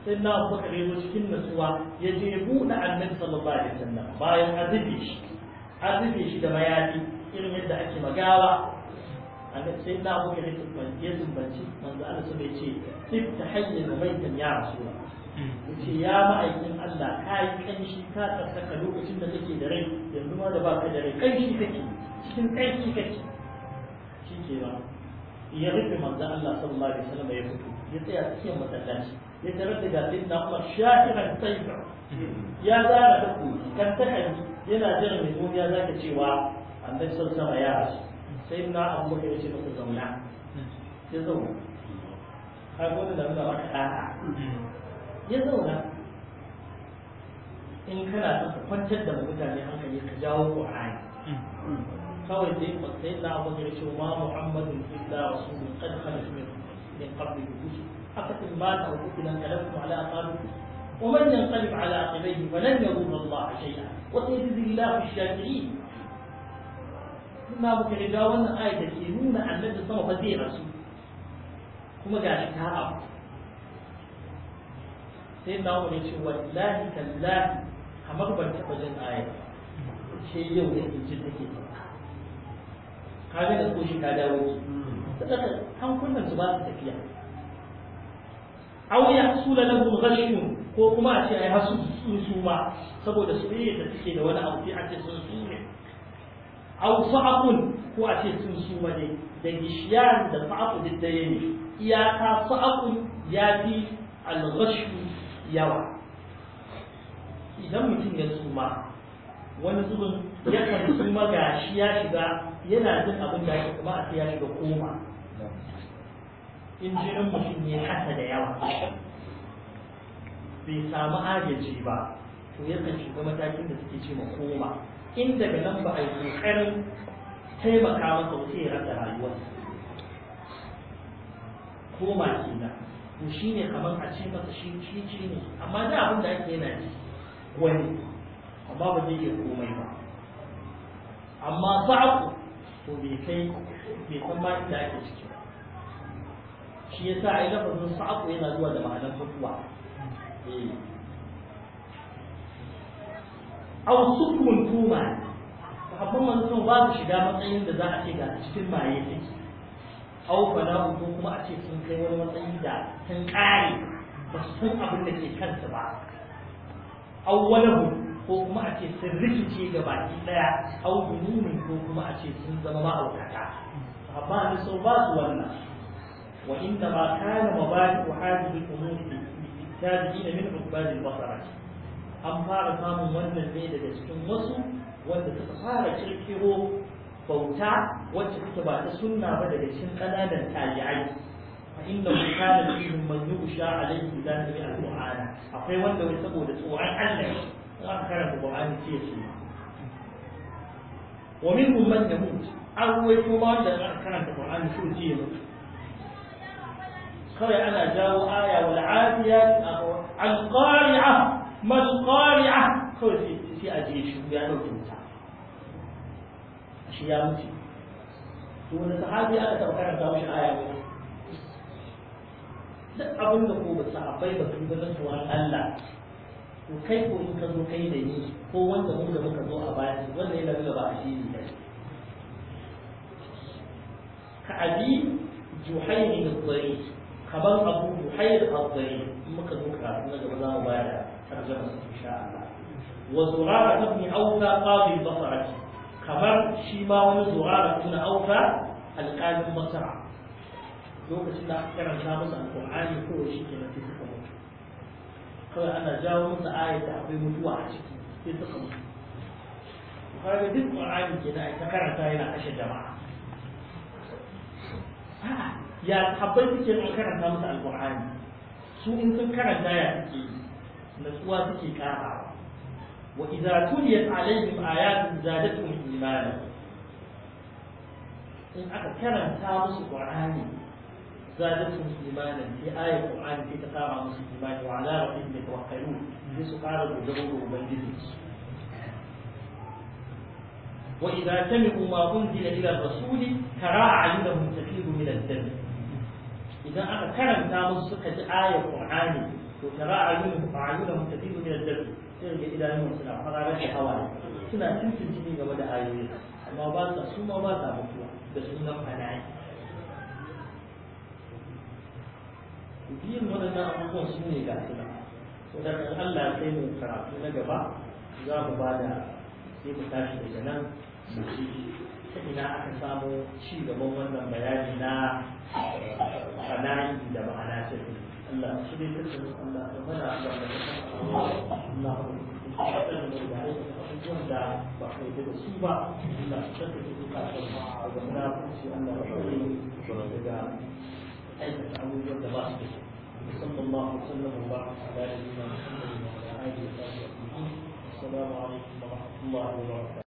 sai na abubakar ya zo cikin nasuwa ya je buɗe annabi sallallahu alaihi wasallam bayan azubi shi an rufe shi da mayafi irin yadda ake magawa annabi sai na abu kare tukman ya zumbanci manzo Allah sai ya ce tib tahayyin maitan ya rasulullah yace ya ma'aikin Allah ka yi kanshi ka tsaka lokacin da kake da rai yanzu ma da baka da rai kanshi kake cikin kanshi kake ke ba ya rufe manzo Allah sallallahu alaihi wasallam ya fito ya tsaya cikin masallaci ya tarar da gasin na Umar shakiran tayyiba ya zara da ku kan takanki yana jin mai duniya za ka cewa annabi sun sama ya rasu sai na abu ka yace maka zauna ya zauna har wani da nuna maka ɗa'a ya zauna in kana son ka kwantar da mutane hankali ka jawo ku ƙur'ani kawai dai ba sai na abu ka yace ma muhammadun illa rasulun qad khalat min min qabli rusul haka in ba ta hukunan kalamu ala aqabikum ومن ينقلب على عقبيه ولن يضر الله شيئا وسيجد الله في الشافعين ما بك تجاوزنا آية الإيمان عن مدى الصوم قدير رسول كما قال لك هرب سيدنا عمر يقول والله كالله كما قبل تقول الآية شيء يوم يكون جدا كيف قابل القوشي كالاوي فقط هم كل من سبات التكيان أو يحصل لهم غشهم ko kuma a ce ai hasu su ma saboda su ne da suke da wani abu a ce sun su ne aw fa'qun ko a ce sun su ma ne da gishiyan da fa'qu duk daya ne ta fa'qun ya fi al yawa idan mutum ya suma wani zubin su suma gashi ya shiga yana jin abin da ake kuma a ya shiga koma in jinin mutum ne hasa da yawa bai samu agaji ba to yakan shiga matakin da suke ce koma in daga nan ba a yi kokarin taimaka masa wasu ya rasa rayuwarsa koma kenan to shi ne kamar a ce masa shi shi shi ne amma da abin da ake yana ji wani amma ba zai iya komai ba amma ku to bai kai bai san ma inda ake ciki shi yasa ai lafazin sa'aku yana zuwa da ma'anar mutuwa au sukun tuma sahabban manzon ba su shiga matsayin da za a ce ga cikin maye take au fala ko kuma a ce sun kai wani matsayi da sun kare ba su san abin da ke kansu ba au walahu ko kuma a ce sun rikice ga baki daya au dunumin ko kuma a ce sun zama ma'aukata sahabban sun ba su wannan wa inda ba kana mabadi ko hadin umuri tabi'ina min ubbadil basara an fara samun wannan ne daga cikin wasu wanda suka fara kirkiro bauta wacce take ba ta sunna ba daga cikin ƙananan tabi'ai inda mu kana cikin man yusha alaihi da ta bi alqur'ana akwai wanda wai saboda tsoron Allah za ka karanta qur'ani ce su wa an kuma wanda karanta خير أنا جاو آية والعادية أو القارعة ما القارعة كل شيء أجي شو بيعنو تنسى أشياء مشي شو الصحابي أنا تبغى أنا جاوش آية, آية لا أبغى نقول بس أبغى بقول بس هو الله وكيف يمكن كيف يجي هو وانت مو لما كذو أباي ولا إلى ولا بعشرين كعبيد جحيم الضريح خبر أبو محير الضرير مكة مكة نجم الله وبعد ترجمة إن شاء الله وزرارة بن أوفى قاضي البصرة خبر شيما وزرارة بن أوفى القاضي البصرة lokacin da aka karanta masa alƙur'ani ko shi ke nan suka mutu kawai ana jawo masa ayat da akwai mutuwa a ciki sai suka mutu kaga duk ƙur'ani ke da ta karanta yana kashe jama'a ya sahabbai suke in karanta musu alqur'ani su in sun karanta ya suke natsuwa suke karawa wa idza tuliyat alaihim ayatun zadatuhum imanan in aka karanta musu qur'ani zadatuhum imanan sai ayat qur'ani sai ta musu imani wa ala rabbihim yatawakkalun sai su kara dogaro ga ubangiji وإذا سمعوا ما أنزل إلى الرسول ترى أعينهم تفيض من الدم idan aka karanta musu suka ji ayar qur'ani to tara ayyuhum fa'aluna mutadibu min da dabi sai ga idanun suna fara da hawa suna tuntunci game da ayoyi amma ba sa su ma ba sa mutuwa da sunan fana'i biyan waɗannan abubuwan su ne ga suna so da kan Allah ya kai mu karatu na gaba za mu ba da sai mu tashi daga nan mu ci ta ina aka samu ci gaban wannan bayani na sana'i da ma'ana ta Allah shi ne da Allah abubuwan da ba ka yi da su ba Allah ta ta ga munafurci Allah ya kare daga aikata abubuwan da ba su da صلى الله